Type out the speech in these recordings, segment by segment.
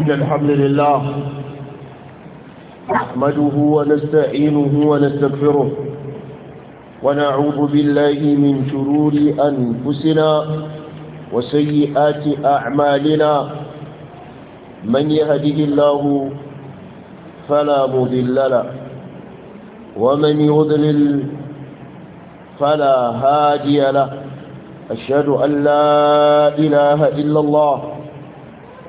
إن الحمد لله نحمده ونستعينه ونستغفره ونعوذ بالله من شرور أنفسنا وسيئات أعمالنا من يهده الله فلا مذل له ومن يضلل فلا هادي له أشهد أن لا إله إلا الله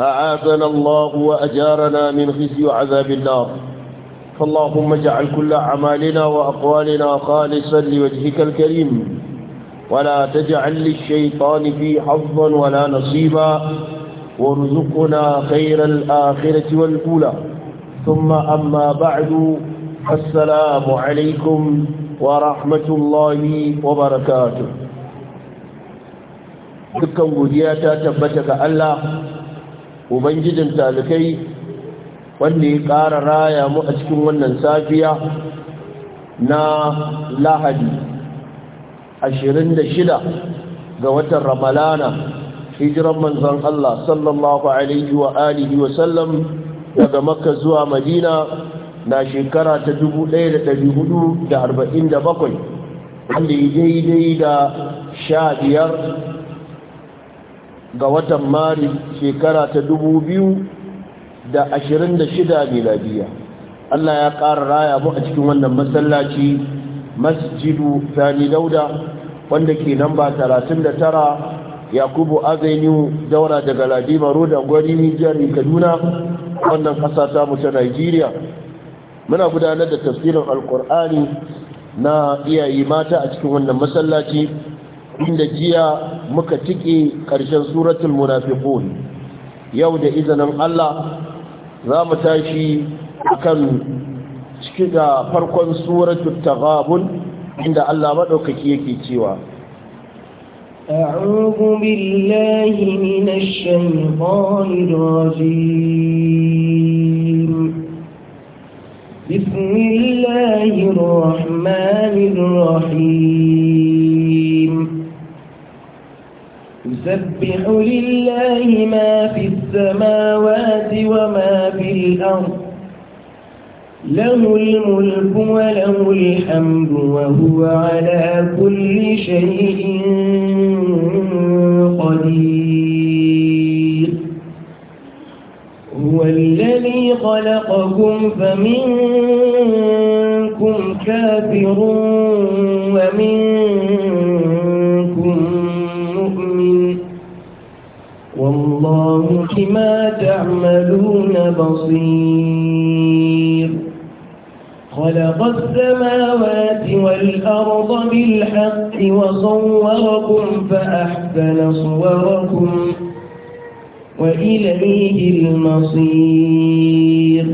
أعاذنا الله وأجارنا من خزي وعذاب النار فاللهم اجعل كل أعمالنا وأقوالنا خالصا لوجهك الكريم ولا تجعل للشيطان في حظا ولا نصيبا وارزقنا خير الآخرة والأولى ثم أما بعد السلام عليكم ورحمة الله وبركاته dukkan godiya ta الله ubangijin talikai wanda ya ƙara raya mu a cikin wannan safiya na lahadi 26 ga watan ramalana hijiran manzon Allah sallallahu alaihi wa alihi wa sallam daga makka zuwa madina na shekara ta 1447 wanda ya daidai da sha biyar ga watan mari shekara ta dubu biyu da ashirin da shida miladiya Allah ya ƙara raya mu a cikin wannan masallaci masjidu sani dauda wanda ke nan namba tara yakubu avenue daura daga ladima road gwari nijar kaduna wannan ƙasa ta mutu nigeria muna gudanar da tafsirin alkur'ani na iyaye mata a cikin wannan masallaci inda jiya muka tike ƙarshen suratul munafiqun yau da izinin Allah za mu tashi akan ciki da farkon suratul taghabun inda Allah madaukaki yake cewa أعوذ بالله من الشيطان الرجيم بسم الله الرحمن الرحيم يسبح لله ما في السماوات وما في الأرض له الملك وله الحمد وهو على كل شيء قدير هو الذي خلقكم فمنكم كافر ومنكم والله بما تعملون بصير خلق السماوات والأرض بالحق وصوركم فأحسن صوركم وإليه المصير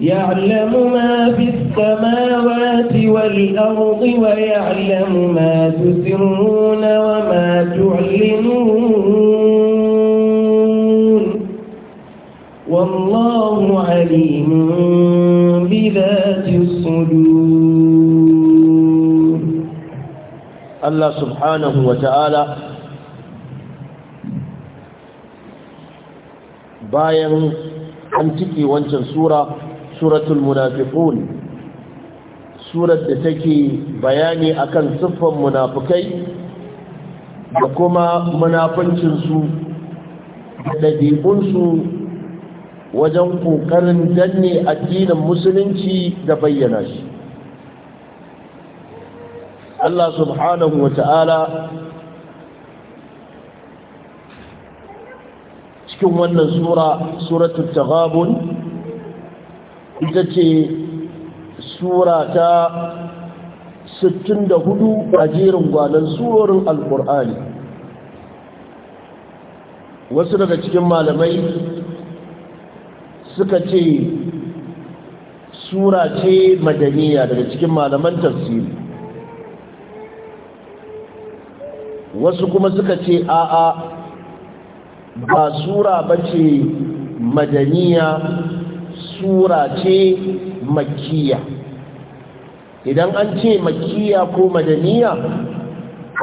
يعلم ما في السماوات والأرض ويعلم ما تسرون وما تعلنون والله عليم بذات الصدور الله سبحانه وتعالى bayan an cike wancan sura suratul munafiqun surar da take bayani akan siffan munafikai da kuma munafincin su da dabi'un su wajen ƙoƙarin danne addinin musulunci da bayyana shi Allah subhanahu wa ta'ala cikin wannan sura suratu taghabun ita ce sura ta 64 a jerin gwanon surorin Al-Ƙur'ani, wasu daga cikin malamai suka ce sura ce madaniya daga cikin malaman tafsiri wasu kuma suka ce a'a ba sura ba ce madaniya sura ce makiya idan an ce makiya ko madaniya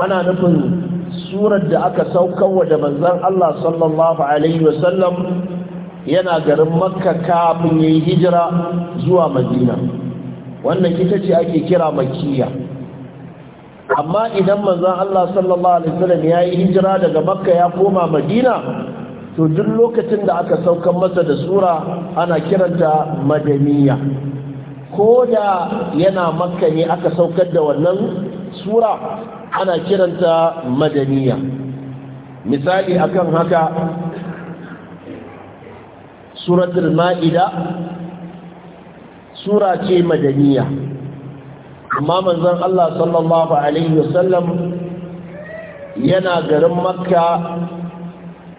ana nufin surar da aka wa da manzan Allah sallallahu Alaihi wasallam yana garin makka kafin ya yi hijira zuwa madina wannan ita ce ake kira makkiya amma idan manzan Allah sallallahu Alaihi wasallam ya yi hijira daga makka ya koma madina to duk lokacin da aka saukan masa da sura ana kiranta madaniya ko da yana makka ne aka saukar da wannan sura ana kiranta madaniya misali akan haka suratul ma'ida sura ce madaniya amma manzon Allah sallallahu alaihi wasallam yana garin makka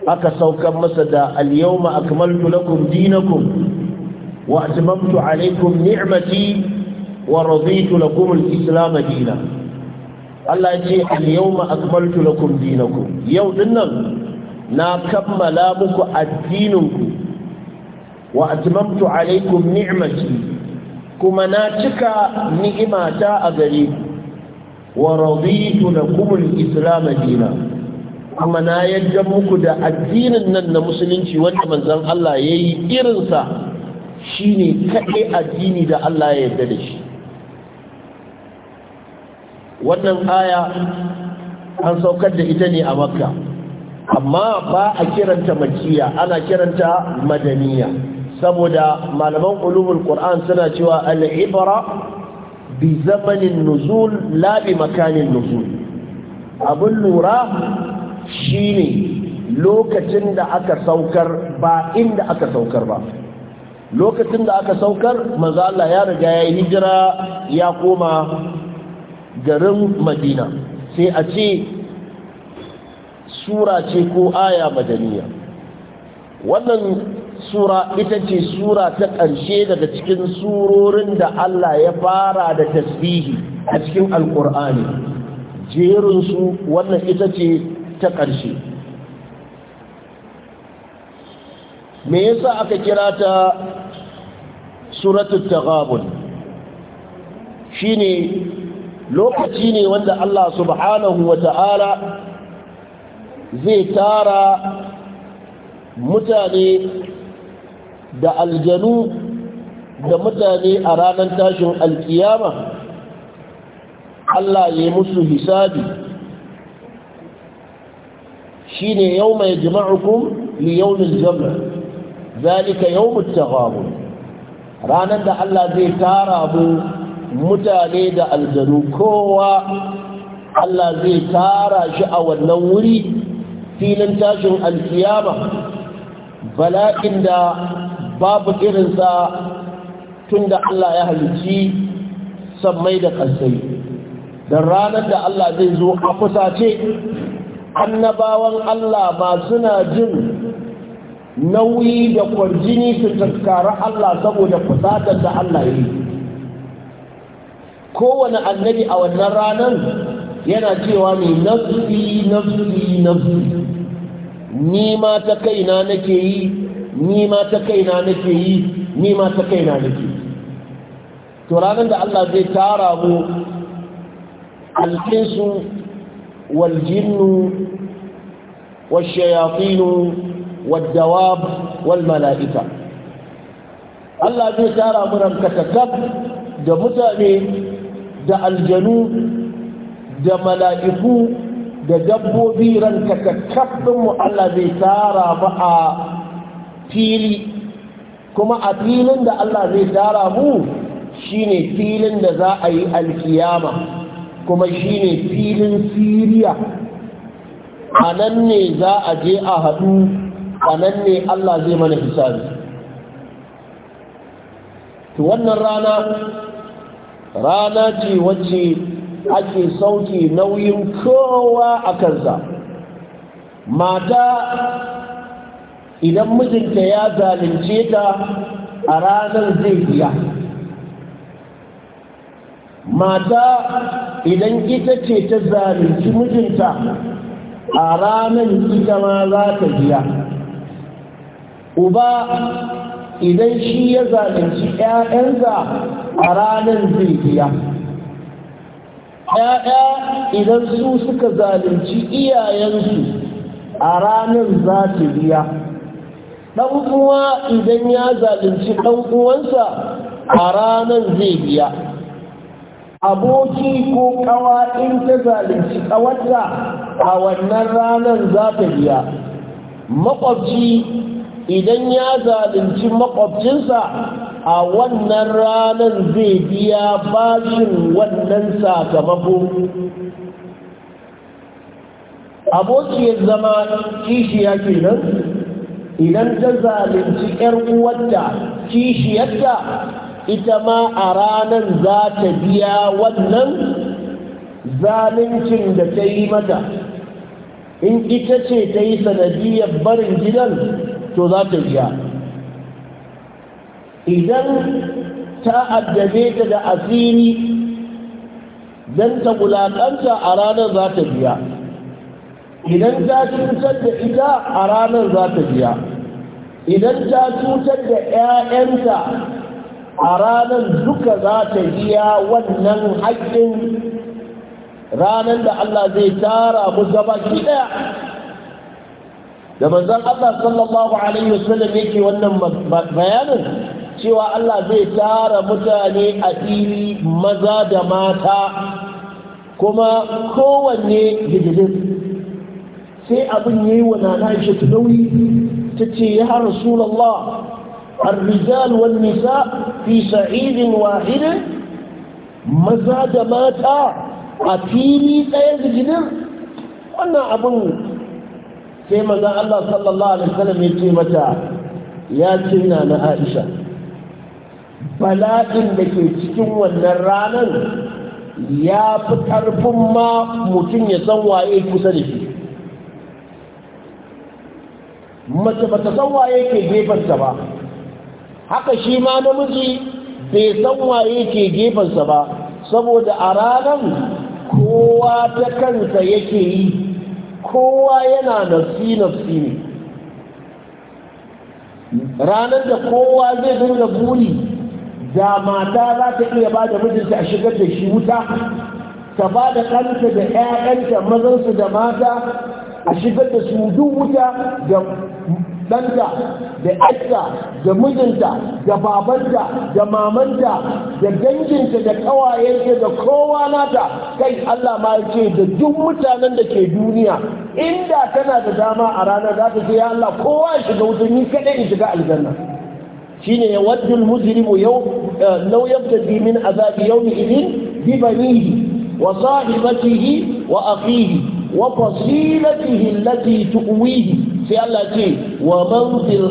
aka saukar masa da al-yawma akmaltu lakum dinakum wa atmamtu alaykum ni'mati wa raditu lakum al-islam dinan Allah ya ce al-yawma akmaltu lakum dinakum yau dinnan na kammala muku addininku wa atmamtu alaikum ni'mati kuma na cika ni'imata a gare ku wa raditu lakum al-islam dinan kuma na yadda muku da addinin nan na musulunci wanda manzon Allah yayi irinsa shine kaɗai addini da Allah ya yarda da shi wannan aya an saukar da ita ne a makka amma ba a kiranta makiya ana kiranta madaniya saboda malaman ulumul qur'an suna cewa al-ibra bi zamanin nuzul la bi makanin nuzul abun lura shine lokacin da aka saukar ba inda aka saukar ba lokacin da aka saukar manzo Allah ya riga ya hijira ya koma garin Madina sai a ce sura ce ko aya madaniya wannan sura ita ce sura ta ƙarshe daga cikin surorin da Allah ya fara da tasbihi a cikin alƙur'ani jerinsu wannan ita ce ta ƙarshe me yasa aka kira ta suratul taghabun shine lokaci ne wanda Allah subhanahu wa ta'ala zai tara mutane da aljanu da mutane a ranar tashin alkiyama Allah ya musu hisabi shine yau mai jima'ukum li zama zalika yau mutagamu ranar da Allah zai tara mu mutane da aljanu kowa Allah zai tara shi a wannan wuri filin tashin alkiyama bala'in da babu irinsa tun da Allah ya halici sammai da ƙasai da ranar da Allah zai zo a kusace annabawan Allah ba suna jin nauyi da kwarjini su taskari Allah saboda fusatar da Allah yi kowane annabi a wannan ranar yana cewa mai nafsi nafsi nafsi ni ma ta kaina nake yi ni ma ta kaina nake yi ni ma ta kaina nake to ranar da Allah zai tara mu alkinsu wal jinnu wal shayatinu wal dawab wal mala'ika Allah zai tara mu rankatakab da mutane da aljanu da mala'iku da dabbobi rankatakab mu Allah zai tara ba a fili kuma a filin da Allah zai tara mu shine filin da za a yi alkiyama kuma shine filin siriya a nan ne za a je a haɗu a nan ne Allah zai mana hisabi to wannan rana rana ce wacce ake sauke nauyin kowa a kansa mata idan mijinta ya zalunce ta a ranar zai biya mata idan ita ce ta zalunci mijinta a ranar ita ma za ta biya uba idan shi ya zalunci 'ya'yansa a ranar zai biya ‘ya'ya idan su suka zalunci iyayensu a ranar za ta biya ɗanuwa idan ya zalunci ɗan uwansa a ranar zai biya aboki ko ƙawa in ta zalunci ƙawarta a wannan ranar za ta biya makwabci idan ya zalunci makwabcinsa a wannan ranar zai biya bashin wannan sakamako abokiyar zama kishiya kenan idan ta zalunci ‘yar uwarta kishiyarta ita ma a ranar za ta biya wannan zaluncin da ta yi mata in ita ce ta yi sanadiyar barin gidan to za ta biya idan ta addame ta da asiri don ta wulaƙanta a ranar za ta biya idan ta cutar da ita a ranar za ta biya idan ta cutar da 'ya'yanta a ranar duka za ta biya wannan haƙƙin ranar da Allah zai tara mu gaba ɗaya da manzon Allah sallallahu alaihi wasallam yake wannan bayanin cewa Allah zai tara mutane a fili maza da mata kuma kowanne gidigis sai abin yayi wa nana Aisha ta nauyi tace ya Rasulullah الرجال nisa في سعيد واحد maza da mata a fili ɗaya jinin wannan abin sai maza Allah sallallahu alaihi wasallam ya ce mata ya cinna na Aisha bala'in da ke cikin wannan ranar ya fi ƙarfin ma mutum ya san waye kusa da shi mace ba ta san waye ke gefensa ba haka shi ma namiji bai san waye ke gefensa ba saboda a ranar kowa ta kansa yake yi kowa yana nafsi-nafsi ne ranar da kowa zai da buri da mata za ta iya ba da mijinta a shigar da shi wuta ta ba da kanta da 'ya'yanta mazansu da mata a shigar da sudu wuta da ɗanta da ƴarta da mijinta da babanta da mamanta da danginta da ƙawayenta da kowa nata kai Allah ma ce da duk mutanen da ke duniya inda tana da dama a ranar za ta ce ya Allah kowa ya shiga wuta ni kaɗai in shiga aljanna shine ya waddul mujrimu yau eh, law yabtadi min azabi yawmi idin bi banihi wa sahibatihi wa akhihi wa fasilatihi allati tu'wihi sai Allah ce wa man fil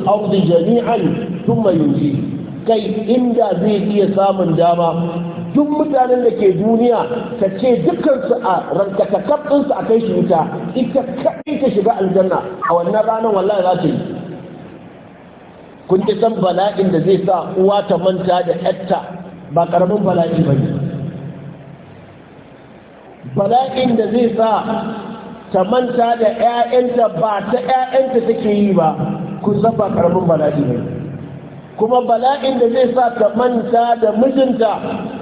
jami'an thumma yunji kai inda zai iya samun dama duk mutanen da ke duniya ka ce dukkansu a rankatakar ɗinsu a kai shi wuta ita kaɗai ta shiga aljanna a wannan ranar wallahi za ta yi kun ji san bala'in da zai sa uwa ta manta da 'yarta ba ƙaramin bala'i ba ne bala'in da zai sa ta manta da 'ya'yanta ba ta 'ya'yanta take yi ba kun zafa karamin bala'i ne kuma bala'in da zai sa ta manta da mijinta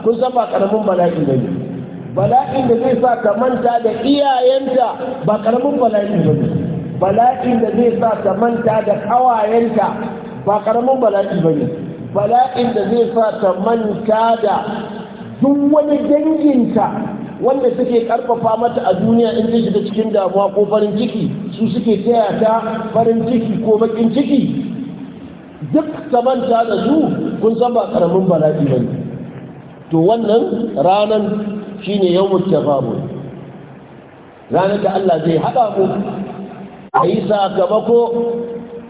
kun zafa karamin bala'i ne bala'in da zai sa ta manta da iyayenta ba karamin bala'i ne bala'in da zai sa ta manta da kawayenta ba karamin bala'i ba ne bala'in da zai sa ta manta da duk wani danginta wanda suke karfafa mata a duniya in ta shiga cikin damuwa ko farin ciki su suke taya ta farin ciki ko bakin ciki duk samanta da su kun san ba karamin bala'i ba to wannan ranan shine yawmut tafawul ranar da Allah zai haɗa mu a yi sakamako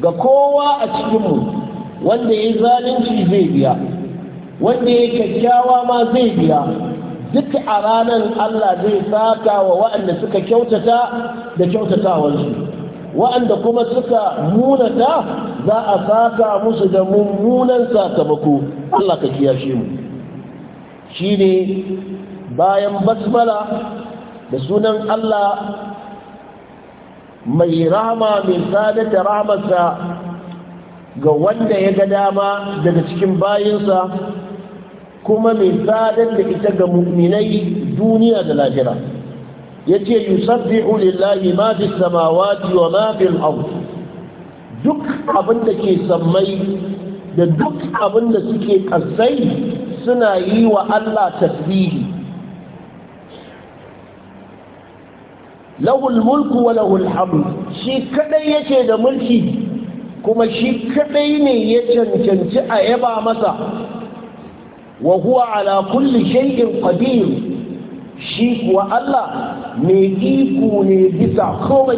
ga kowa a cikinmu wanda ya zalunci zai biya wanda ya kyakkyawa ma zai biya duk a ranar Allah zai saka wa waɗanda suka kyautata da kyautatawarsu waɗanda kuma suka munata za a saka musu da mummunan sakamako Allah ka kiyashe mu shi ne bayan basmala da sunan Allah mai rahma mai sadata rahmarsa ga wanda ya ga dama daga cikin bayinsa kuma mai sadar da ita ga mu'minai duniya da lahira yace yusabbihu lillahi ma fi samawati wa ma fil duk abin da ke sammai da duk abin da suke kasai suna yi wa Allah tasbihi lahul mulku wa lahul hamd shi kadai yake da mulki kuma shi kadai ne ya cancanci a yaba masa wa huwa ala kulli shay'in qadir shi kuwa Allah mai iko ne bisa komai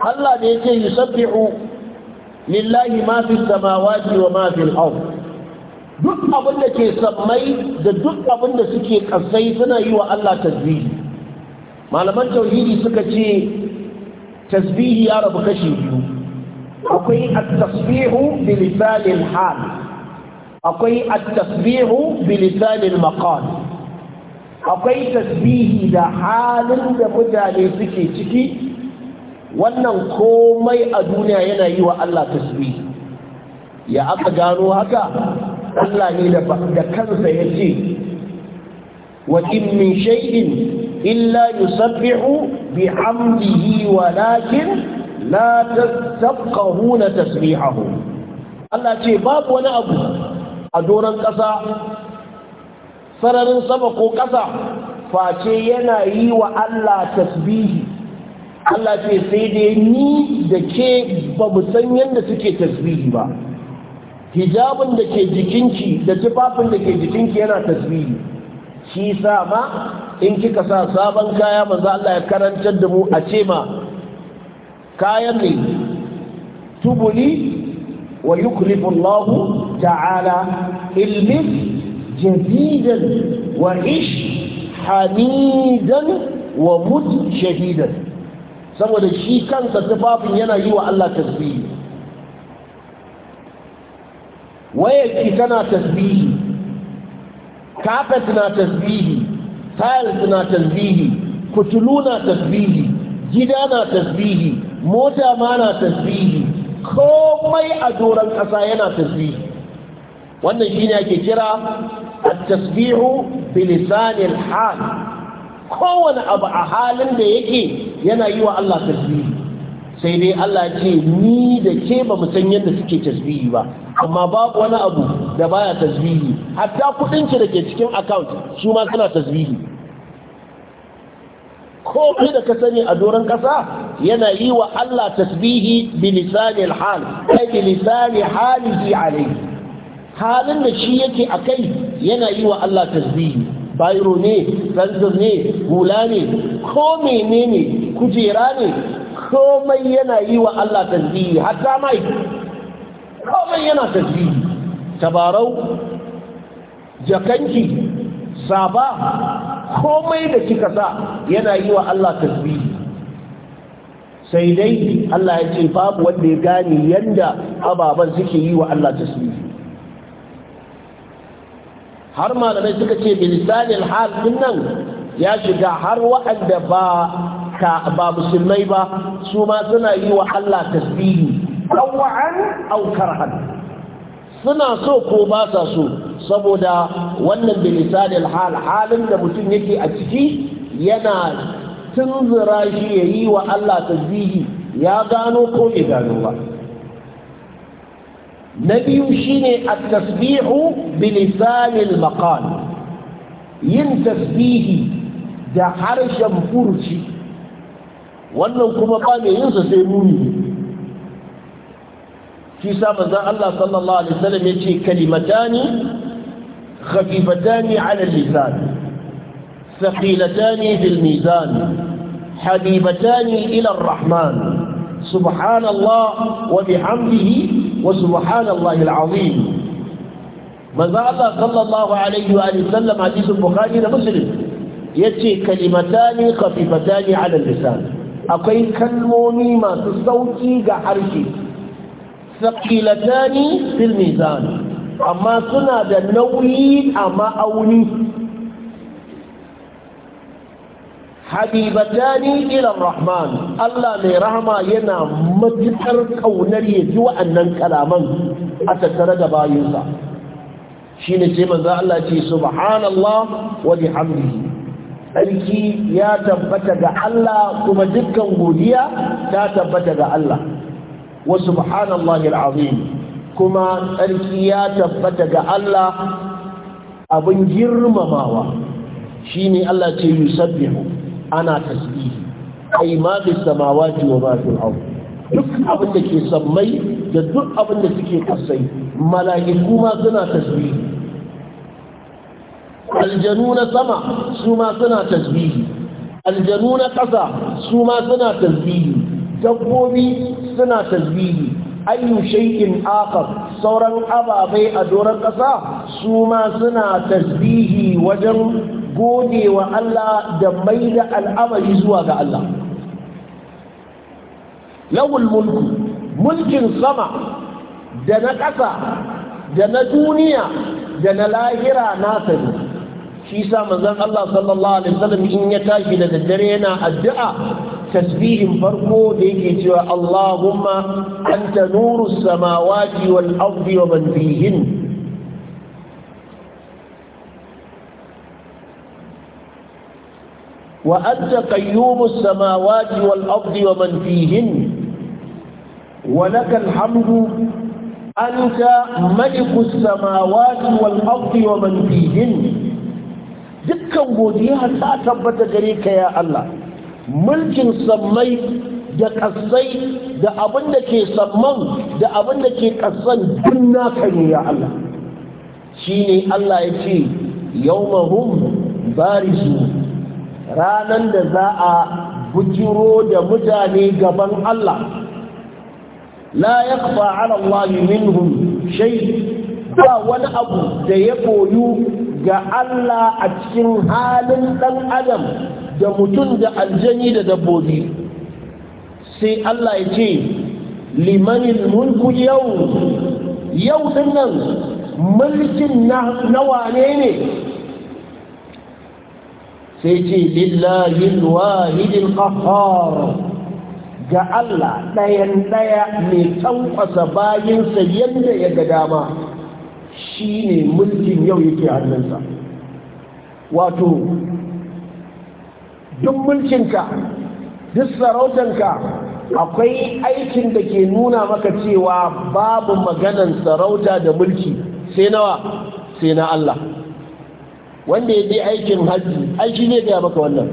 Allah ne yake yusabbihu lillahi ma fi samawati wa ma fi al-ard duk abin da ke sammai da duk abin da suke kasai suna yi wa Allah tasbihi malaman tauhidi suka ce tasbihi ya rabu kashi biyu akwai at-tasbihu bi lisanil hal akwai at-tasbihu bi lisanil maqal akwai tasbihi da halin da mutane suke ciki wannan komai a duniya yana yi wa Allah tasbihi ya aka gano haka Allah ne da kansa ya ce wa in min shay'in illa yusabbihu hamdihi walakin la tasabqahuna tasbihahu Allah ce babu wani abu a doron ƙasa sararin sama ko ƙasa face yana yi wa Allah tasbihi Allah ce sai dai ni da ke ba mu san yadda suke tasbihi ba hijabin da ke jikinki da tufafin da ke jikinki yana tasbihi shi sa ma in kika sa sabon kaya manzo Allah ya karantar da mu a ce ma kayan ne tubuli ويخلف الله تعالى المثل جديدا وعش wa mutu شهيدا saboda shi kansa tufafin yana yi wa Allah tasbihi wayarki tana tasbihi kafet na tasbihi tiles na tasbihi kutulu na tasbihi gida na tasbihi mota ma na tasbihi komai a doron ƙasa yana tasbihi wannan shine ake kira at-tasbihu bilisanil hal kowane abu a halin da yake yana yi wa Allah tasbihi sai dai Allah ce ni da ke ba mu san yadda suke tasbihi ba amma babu wani abu da baya tasbihi hatta kudin ki da ke cikin account su ma suna tasbihi Ko kai da ka sani a doron kasa yana yi wa Allah tasbihi bi lisanil hal ai bi lisani halihi alayhi halin da shi yake akai yana yi wa Allah tasbihi bayro ne sanzir ne hula ne ko menene kujera ne komai yana yi wa Allah tasbihi hatta mai komai yana tasbihi tabarau jakanki saba komai da kika sa yana yi wa Allah tasbihi sai dai Allah ya ce babu wanda ya gane yanda ababan suke yi wa Allah tasbihi har malamai suka ce bilisanin hal din nan ya shiga har wa'anda ba ka ba musulmai ba su ma suna yi wa Allah tasbihi tawwan aw karhan suna so ko ba sa so saboda wannan bilisanil hal halin da mutum yake a ciki yana tunzura shi ya yi wa Allah tasbihi ya gano ko ya gano ba na biyu shine a tasbihu bilisanil maqal yin tasbihi da harshen furuci wannan kuma ba mai yinsa sai muni shi sa manzon Allah sallallahu alaihi wasallam yace kalimatani خفيفتان على اللسان ثقيلتان في الميزان حبيبتان إلى الرحمن سبحان الله وبحمده وسبحان الله العظيم ماذا الله صلى الله عليه وآله وسلم حديث البخاري ومسلم يأتي كلمتان خفيفتان على اللسان akwai كلموني ما تستوتي ga ثقيلتان في الميزان amma suna da nauyi a ma'auni habibatani ila rahman Allah mai rahama yana matukar kaunar ya ji wa'annan kalaman a tattare da bayinsa shi ne sai maza Allah ce subhanallah wa bihamdihi sarki ya tabbata ga Allah kuma dukkan godiya ta tabbata ga Allah wa subhanallahi azim kuma tsarki ya tabbata ga Allah abin girmamawa Shi ne Allah ce yusabbihu ana tasbihi yi ma bis samawati wa ma fil ard duk abin da ke sammai da duk abin da suke kasai mala'iku ma suna tasbihi aljanu na sama su ma suna tasbihi aljanu na ƙasa su ma suna tasbihi dabbobi suna tasbihi ayyu shay'in akhar sauran ababai a doron ƙasa su ma suna tasbihi wajen gode wa Allah da mai da al'amari zuwa ga Allah lawul mulku mulkin sama da na ƙasa da na duniya da na lahira na ne shi sa manzon Allah sallallahu alaihi wasallam in ya tashi da daddare yana addu'a tasbihin farko da yake cewa Allahumma anta nuru samawati wal ardi wa man fihin wa anta qayyumus samawati wal ardi wa man fihin wa lakal hamdu anta malikus samawati wal ardi wa man fihin dukkan godiya ta tabbata gare ka ya Allah mulkin sammai da ƙasai da abin da ke samman da abin da ke ƙasan duk naka ne ya Allah shi ne Allah ya ce bari su ranar da za a bujiro da mutane gaban Allah la yakfa ala Allah minhum shai ba wani abu da ya koyu ga Allah a cikin halin ɗan adam da mutum da aljani da dabbobi sai Allah ya ce limanin mulku yau yau din mulkin nawa ne ne sai ce lillahi wahidil qahhar ga Allah ɗayan ɗaya mai tankwasa bayinsa yadda ya ga dama shi ne mulkin yau yake hannunsa wato duk mulkinka duk sarautanka akwai aikin da ke nuna maka cewa babu maganan sarauta da mulki sai nawa sai na Allah wanda ya je aikin hajji aiki ne gaya maka wannan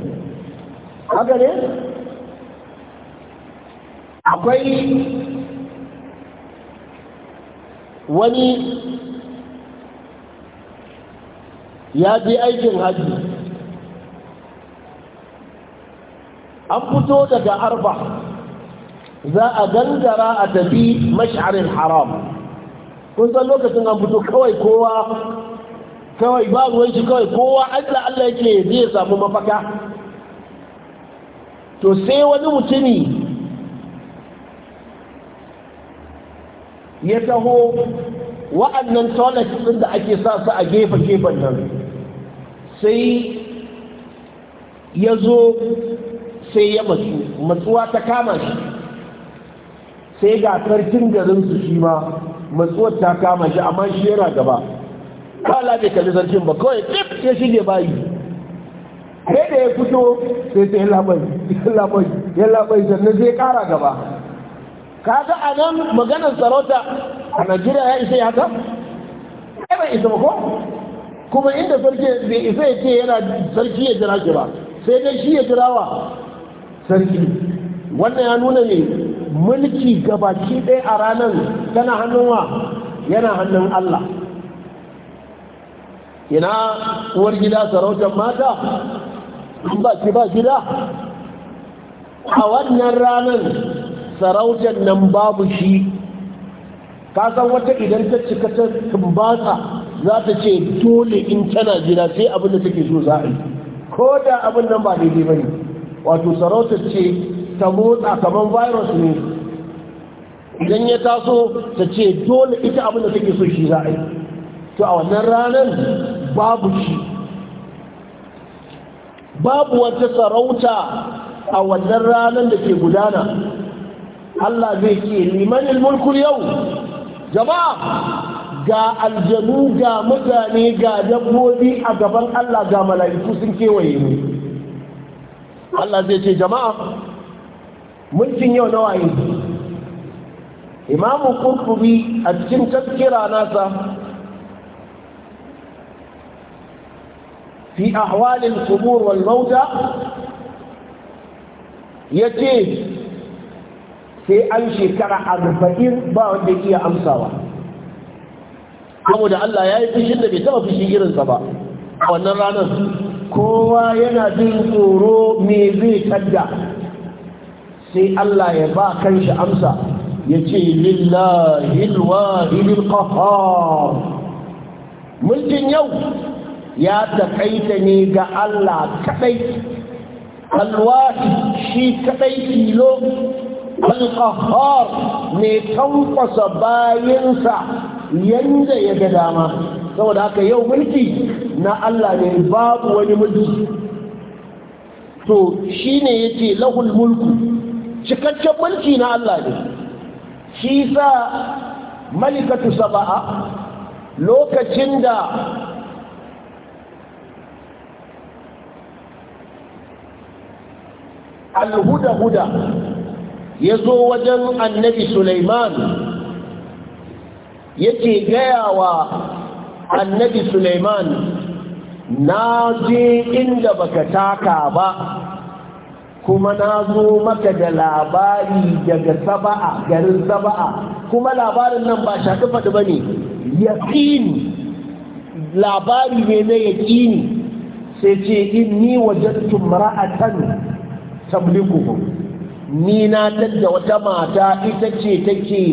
haka ne akwai wani ya je aikin hajji an fito daga arba za a gangara a tafi mashiarin haram kun san lokacin an fito kawai kowa kawai ba ruwan shi kawai kowa allah allah yake zai samu mafaka to sai wani mutumi ya taho wa'annan toilet ɗin da ake sa su a gefe-gefen nan sai ya zo sai ya matsu matsuwa ta kama shi sai ga sarkin garinsu shi ma matsuwar ta kama shi amma shi yana gaba ba labe kalli sarkin ba kawai tsip ya shige bayi sai da ya fito sai sai labai labai ya labai sannan zai kara gaba kaga a nan maganar sarauta a najeriya ya isa ya haka Sai bai isa ba ko kuma inda sarki bai isa ya ce yana sarki ya jira shi ba sai dai shi ya jirawa sarki wannan ya nuna ne mulki gabaki ɗaya a ranar tana hannun yana hannun Allah ina uwar gida sarautar mata in ba ki ba gida a wannan ranar sarautar nan babu shi ka san wata idan ta cika ta tumbata za ta ce dole in tana gida sai abin take so za a yi ko da abin nan ba daidai ba ne wato sarautar ce ta motsa kamar virus ne idan ya taso ta ce dole ita abin da take so shi za a yi to a wannan ranar babu shi babu wata sarauta a wannan ranar da ke gudana Allah zai ce limanin mulkul yau jama'a ga aljanu ga mutane ga dabbobi a gaban Allah ga mala'iku sun kewaye ne. Allah zai ce jama'a mulkin yau na waye imamu kurkubi a cikin tafkira nasa fi ahwalin kubur wal mauta ya ce sai an shekara arba'in ba wanda iya amsawa saboda Allah ya yi fushin da bai taɓa fushin irinsa ba wannan ranar kowa yana jin tsoro me zai tadda sai Allah ya ba kanshi amsa ya ce lillahi alwahidil qahhar mulkin yau ya takaita ne ga Allah kadai alwahi shi kadai tilo alqahhar ne tankwasa bayinsa yanda ya ga dama saboda haka yau mulki na Allah ne babu wani mulki to ya ce lahul mulku cikakken mulki na Allah ne shi sa malikatu saba'a lokacin da alhuda-huda ya zo wajen annabi Sulaiman yake gaya wa annabi suleiman na je inda baka taka ba kuma na zo maka da labari daga saba'a garin saba'a kuma labarin nan ba shaɗi faɗi ba ne yaƙini labari ne na yaƙini sai ce in ni wajen wajattu mara'atan tabliku ni na tadda wata mata ita ce take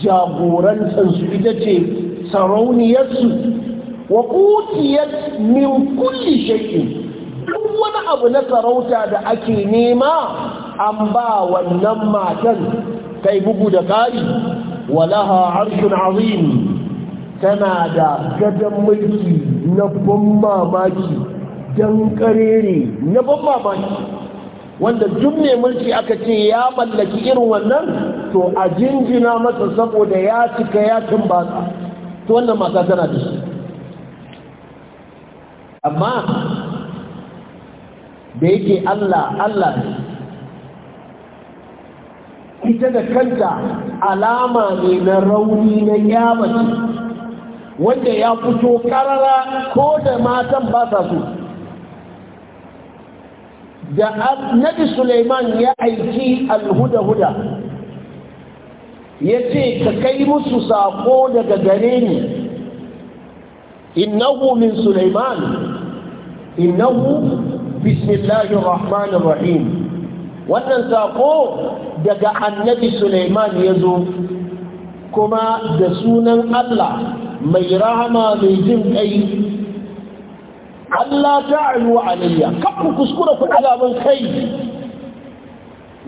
jagorantansu su ita ce sarauniyarsu wa utiyat min kulli shay'in duk wani abu na sarauta da ake nema an ba wannan matan kai bugu da ƙari walaha arshun azim tana da gadon mulki na ban mamaki karere na ban mamaki wanda duk mai mulki aka ce ya mallaki irin wannan to a jinjina masa saboda ya cika ya basa. to wannan mata tana da shi amma da yake Allah Allah ita da kanta alama ne na rauni na yamaci wanda ya fito karara ko da matan ba sa so da nabi Suleiman ya aiki alhuda-huda ya ce ka kai musu sako daga gare ni innahu min suleiman innahu bismillahir rahmanir rahim wannan sako daga annabi suleiman ya zo kuma da sunan allah mai rahama mai jin kai allah ta'alu alayya kafin kuskura ku ɗaga min kai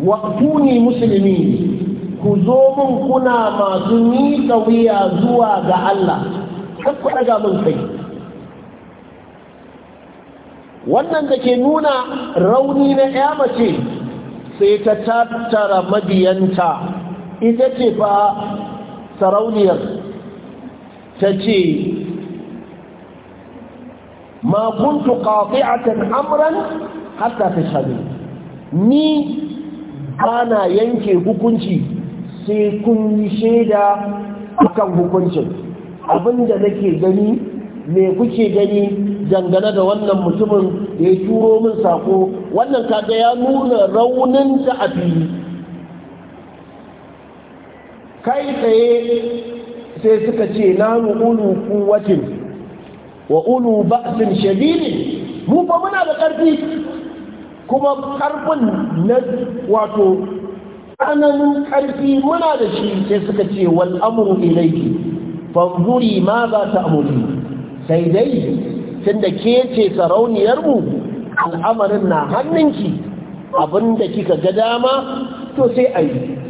wa'tuni musulmi ku zo mun kuna masu miƙa wuya zuwa ga Allah kan ku ɗaga mun kai wannan da ke nuna rauni na ya mace sai ta tattara mabiyanta ita ce fa sarauniyar ta ce ma kuntu qati'atan amran hatta tashhadu ni bana yanke hukunci sai kun yi shaida akan hukuncin abinda nake gani me kuke gani dangane da wannan mutumin da ya turo min sako wannan kaga ya nuna raunin ta a kai tsaye sai suka ce na ulu kuwatin wa ulu ba'sin shadidin mu fa muna da ƙarfi kuma ƙarfin na wato tsananin ƙarfi muna da shi sai suka ce wal amru ilayki fanzuri ma za ta amuri sai dai tunda ke ce sarauniyar mu al'amarin na hannunki abinda kika ga dama to sai a yi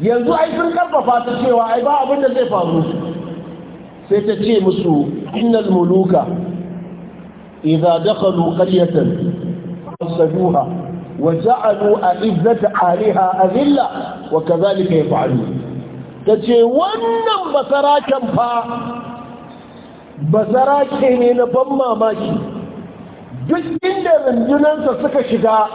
yanzu ai sun karfafa ta cewa ai ba abin da zai faru sai ta ce musu innal muluka idza dakhalu qaryatan afsaduha وجعلوا أعزة أهلها أذلة وكذلك يفعلون تجي ونم بسراكا فا بسراكا من بما ماشي جدين رنجنا سسك شكا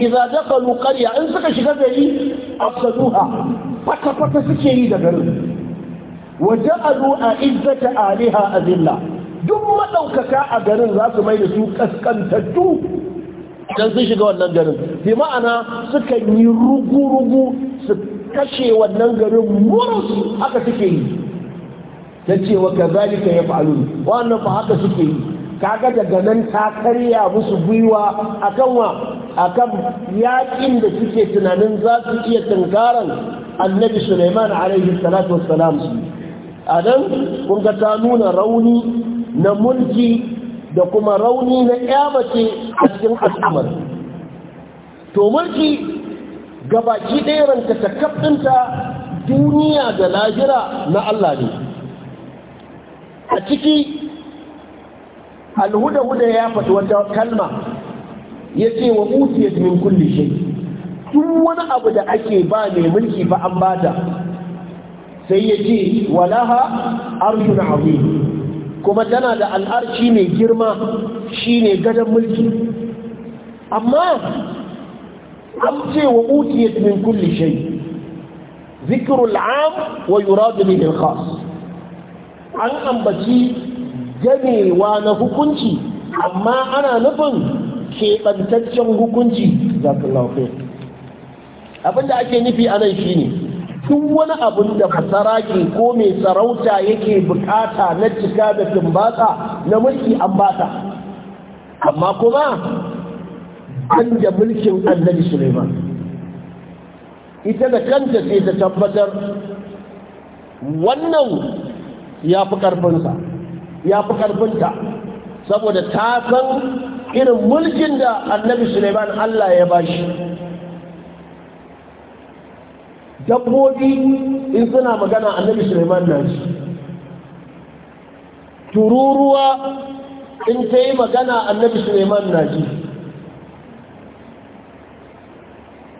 إذا دخلوا قرية إن سك شكا ذي أفسدوها فتا فتا سكي دقل وجعلوا أعزة أهلها أذلة دم لو كاكا أدرن راس ميلسو كسكنتتو idan sun shiga wannan garin bi ma'ana sukan yi rugu-rugu su kashe wannan garin murus haka suke yi ta ce wa ka zalika ya fa'alu wannan fa haka suke yi kaga daga nan ta karya musu gwiwa akan wa akan yaƙin da suke tunanin za su iya tunkaran annabi Sulaiman alaihi salatu wassalam su a nan kun ga ta nuna rauni na mulki da kuma rauni na ƴamace a cikin al'amar to mulki gabaki ɗaya ranta ta duniya da lahira na Allah ne a ciki alhuda-huda ya faɗi wata kalma ya ce wa utiyat min kulle shi. duk wani abu da ake ba mai mulki ba an bata sai ya ce walaha arshun azim kuma tana da al'arci mai girma shine gadon mulki amma an ce wa utiyat min kulli shay zikrul am wa yuradu bihi al-khas an ambaci ganewa na hukunci amma ana nufin keɓantaccen hukunci abinda ake nufi anan shine duk wani abun da ke ko mai sarauta yake bukata na cika da tumbata na mulki an bata amma kuma an da mulkin annabi suleiman ita da kanta sai ta tabbatar wannan ya fi ƙarfinsa ya fi ƙarfinta saboda ta san irin mulkin da annabi suleiman allah ya bashi dabbobi in suna magana annabi suleiman na shi tururuwa in ta yi magana annabi suleiman na shi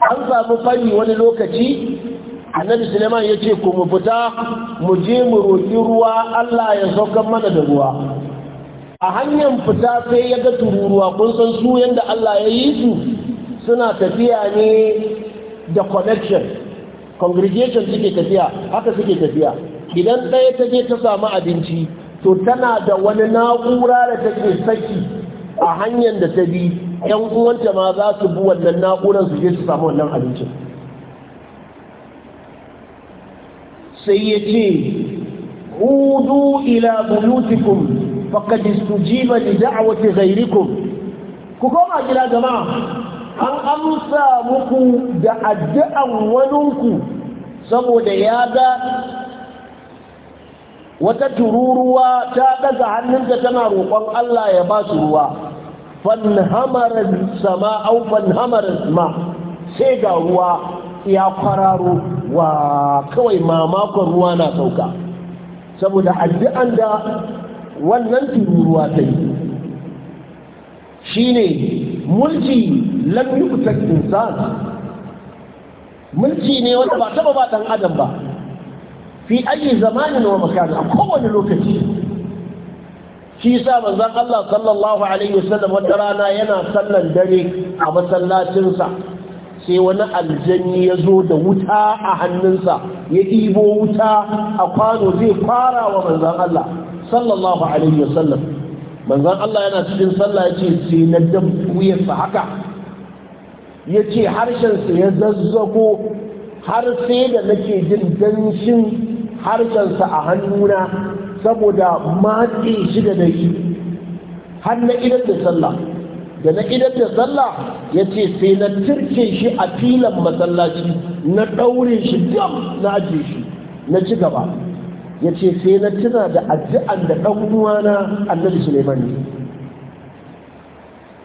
an samu fari wani lokaci annabi suleiman ya ce ku mu fita mu je mu roƙi ruwa allah ya saukan mana da ruwa a hanyar fita sai ya ga tururuwa kun san su yadda allah ya yi su suna tafiya ne da connection congregation suke tafiya haka suke tafiya idan ɗaya ta je ta samu abinci to tana da wani na'ura da take saki a hanyar da ta bi yan uwanta ma za su bi wannan na'urar su je su samu wannan abinci sai ya ce hudu ila buyutikum faqad istujiba li da'wati ghayrikum ku koma gida jama'a an amsa muku da addu'an waninku saboda ya ga wata tururuwa ta ɗaga hannunta tana roƙon Allah ya ba su ruwa fanhamarar sama au fanhamarar ma sai ga ruwa ya kwararo wa kawai mamakon ruwa na sauka saboda addu'an da wannan tururuwa ta yi shi ne mulki lam yu'tak insan mulki ne wanda ba taba ba dan adam ba fi ayi zamanin wa makan a kowane lokaci shi sa manzon Allah sallallahu alaihi wasallam wata rana yana sallan dare a masallacinsa sai wani aljanni ya zo da wuta a hannunsa ya ɗibo wuta a kwano zai fara wa manzan Allah sallallahu alaihi wasallam manzan Allah yana cikin sallah ya ce sai na dam haka ya ce harshensa ya zazzago har sai da nake jin danshin harshensa a hannuna saboda matse shi da dashi har na idan da sallah da na idan da sallah ya ce sai na turke shi a filan masallaci na ɗaure shi dam na ajiye shi na ci gaba ya ce sai na tuna da addu'an da ɗan uwana annabi suleiman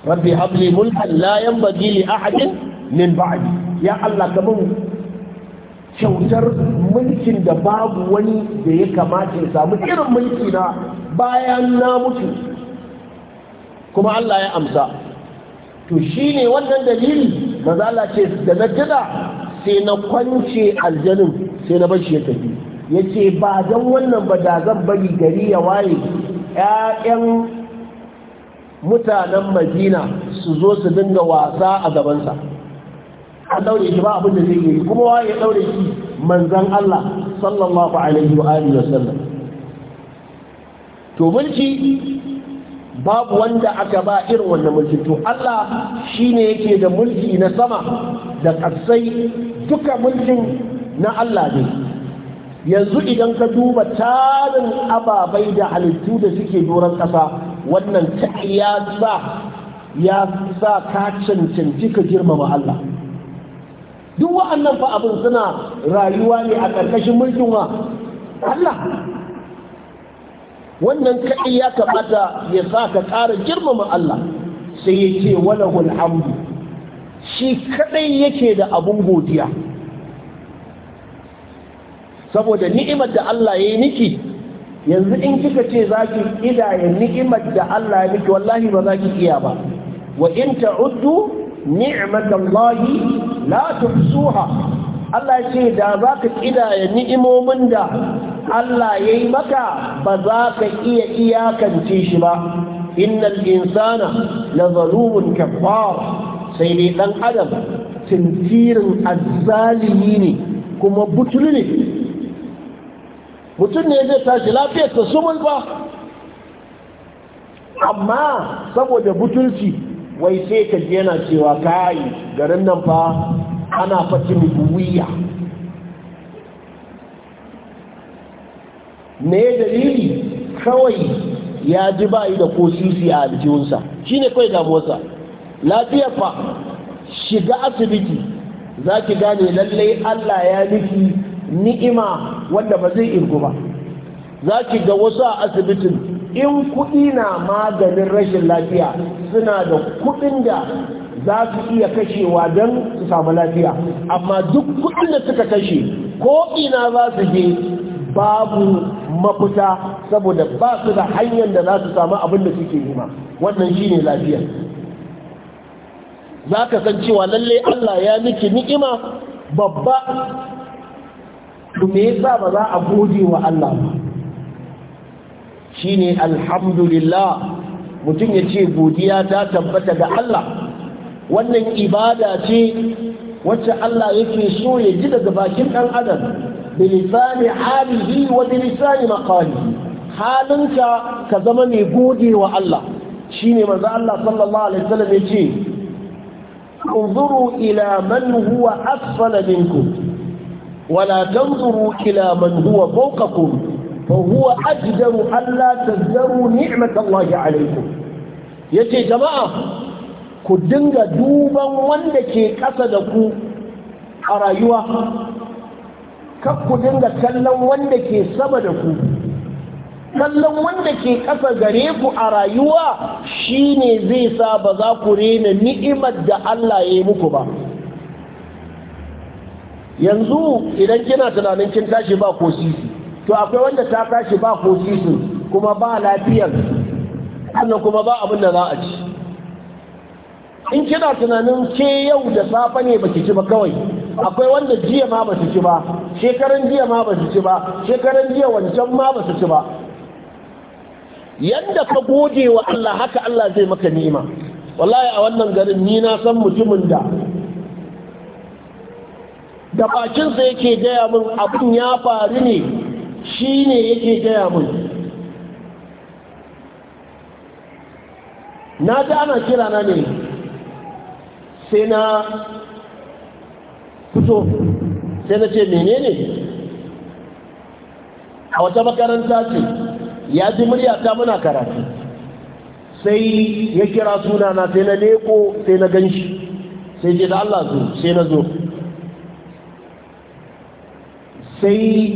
rabbi habli mulkan la yanbaghi li ahadin min ba'di ya Allah ka mun kyautar mulkin da babu wani da ya kamata ya samu irin mulki na bayan na mutu kuma Allah ya amsa to shine wannan dalili maza Allah ce da na jira sai na kwance aljanin sai na bar ya tafi yace ba dan wannan ba da zan bari gari ya waye yayan mutanen madina su zo su dinga wasa a gabansa an daure shi ba abin da zai yi kuma wa ya daure shi manzan Allah sallallahu alaihi wa alihi wa sallam to mulki babu wanda aka ba irin wannan mulki to Allah shine yake da mulki na sama da ƙasai duka mulkin na Allah ne yanzu idan ka duba tarin ababai da halittu da suke doron ƙasa wannan ta'i ya sa ya sa ka cancanci ka girmama Allah duk wa'annan fa abin suna rayuwa ne a ƙarƙashin mulkin wa Allah wannan kaɗai ya kamata ya sa ka ƙara girmama Allah sai ya ce walahul hamdu shi kaɗai yake da abun godiya saboda ni'imar da Allah ya yi niki yanzu in kika ce za ki kidaya ni'imar da Allah ya miki wallahi ba za ki iya ba wa in ta'uddu ni'matallahi la tuhsuha Allah ya ce da za ka ni'imomin da Allah ya yi maka ba za ka iya iyakance shi ba innal insana la zalumun kafar sai dai dan adam tintirin azzalimi ne kuma butulu ne mutum ne zai tashi ta sumul ba amma saboda butulci wai sai ka ji yana cewa kayi garin nan fa ana fatin buwiya me dalili kawai ya ji bayi da ko sisi a aljihunsa shi ne kawai damuwarsa lafiyar fa shiga asibiti za ki gane lallai allah ya nufi ni'ima wanda ba zai irgu ba za ki ga wasu a asibitin in kuɗi na maganin rashin lafiya suna da kuɗin da za su iya kashewa don su samu lafiya amma duk kuɗin da suka kashe ko ina za su je babu mafita saboda ba su da hanyar da za su samu abin da suke nema wannan shi ne lafiya za ka san cewa lallai allah ya miki ni'ima babba to me yasa ba za a gode wa Allah ba shine alhamdulillah mutum ya ce godiya ta tabbata ga Allah wannan ibada ce wacce Allah yake so ya ji daga bakin ɗan adam bilisani halihi wa bilisani maqalihi halinka ka zama mai gode wa Allah shine manzo Allah sallallahu alaihi wasallam yace انظروا إلى من هو أسفل منكم wala tanzuru ila man huwa fawqakum fa huwa ajdaru alla tazdaru ni'matallahi alaykum yace jama'a ku dinga duban wanda ke kasa da a rayuwa kar ku dinga kallon wanda ke sama da ku kallon wanda ke ƙasa gare ku a rayuwa shine zai sa ba za ku rena ni'imar da Allah ya yi muku ba yanzu idan kina tunanin kin tashi ba ko sisi to akwai wanda ta tashi ba ko sisi kuma ba lafiyar sannan kuma ba abin da za a ci in kina tunanin ke yau da safe ne baki ci ba kawai akwai wanda jiya ma ba su ci ba shekaran jiya ma ba su ci ba shekaran jiya wancan ma ba su ci ba yadda ka gode wa Allah haka Allah zai maka ni'ima wallahi a wannan garin ni na san mutumin da da bakinsa yake gaya mun abin ya faru ne shi ne yake gaya mun. na ga ana kira na ne sai na kuso, sai na ce menene a wata makaranta ce ya ji murya ta muna karatu sai ya kira sunana sai na leko sai na ganshi sai ce da Allah zo sai na zo sai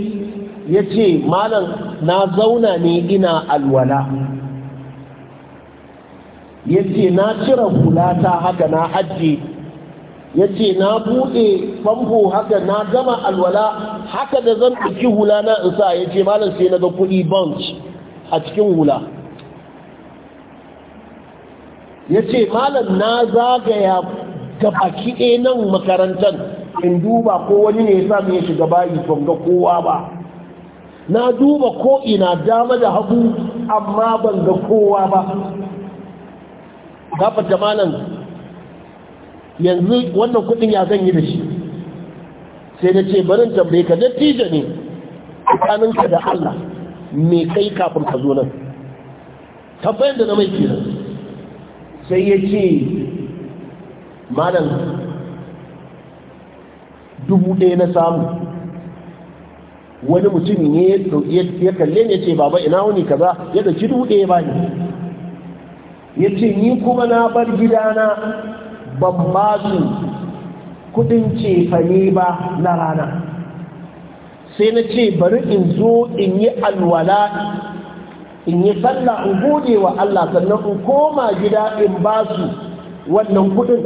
ya ce malam na zauna ne ina alwala ya ce na cire hulata haka na ajiye ya ce na buɗe famfo haka na gama alwala haka da zan ɗauki hula na isa ya ce malam sai na ga kuɗi bunch a cikin hula ya ce malam na zagaya gabaki baki ɗaya nan makarantar in duba ko wani ne ya sa ya shiga bayi ban ga kowa ba na duba ko ina dama da hagu amma ban ga kowa ba gafa jamanan yanzu wannan kudin ya zan yi da shi sai da ce barin tambaye ka dattijo ne tsakaninka da Allah me kai kafin ka zo nan tabbayin da na mai kenan sai ya ce malam dubu ɗaya na samu wani mutum ne ya kalle ne ce baba ina wani kaza ya dauki dubu ɗaya ba ne ya ce ni kuma na bar gidana ban ba su kudin cefane ba na rana sai na ce bari in zo in yi alwala in yi sallah in gode wa Allah sannan in koma gida in ba su wannan kudin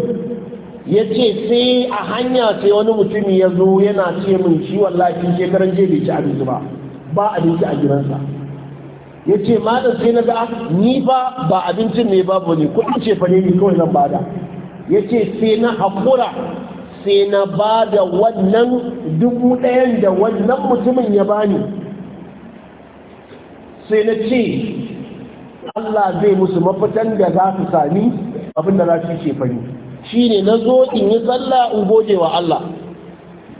ya ce sai a hanya sai wani mutumi ya zo yana ce min shi wallahi shekaran je bai ci abinci ba ba abinci a gidansa ya ce malam sai na ga ni ba ba abincin ne babu ne kuɗin ce fa ne ni kawai nan bada ya ce sai na haƙura sai na ba da wannan dubu ɗayan da wannan mutumin ya bani sai na ce Allah zai musu mafitan da za su sami abin da za su ce fani Shi ne na zo in yi tsalla in goje wa Allah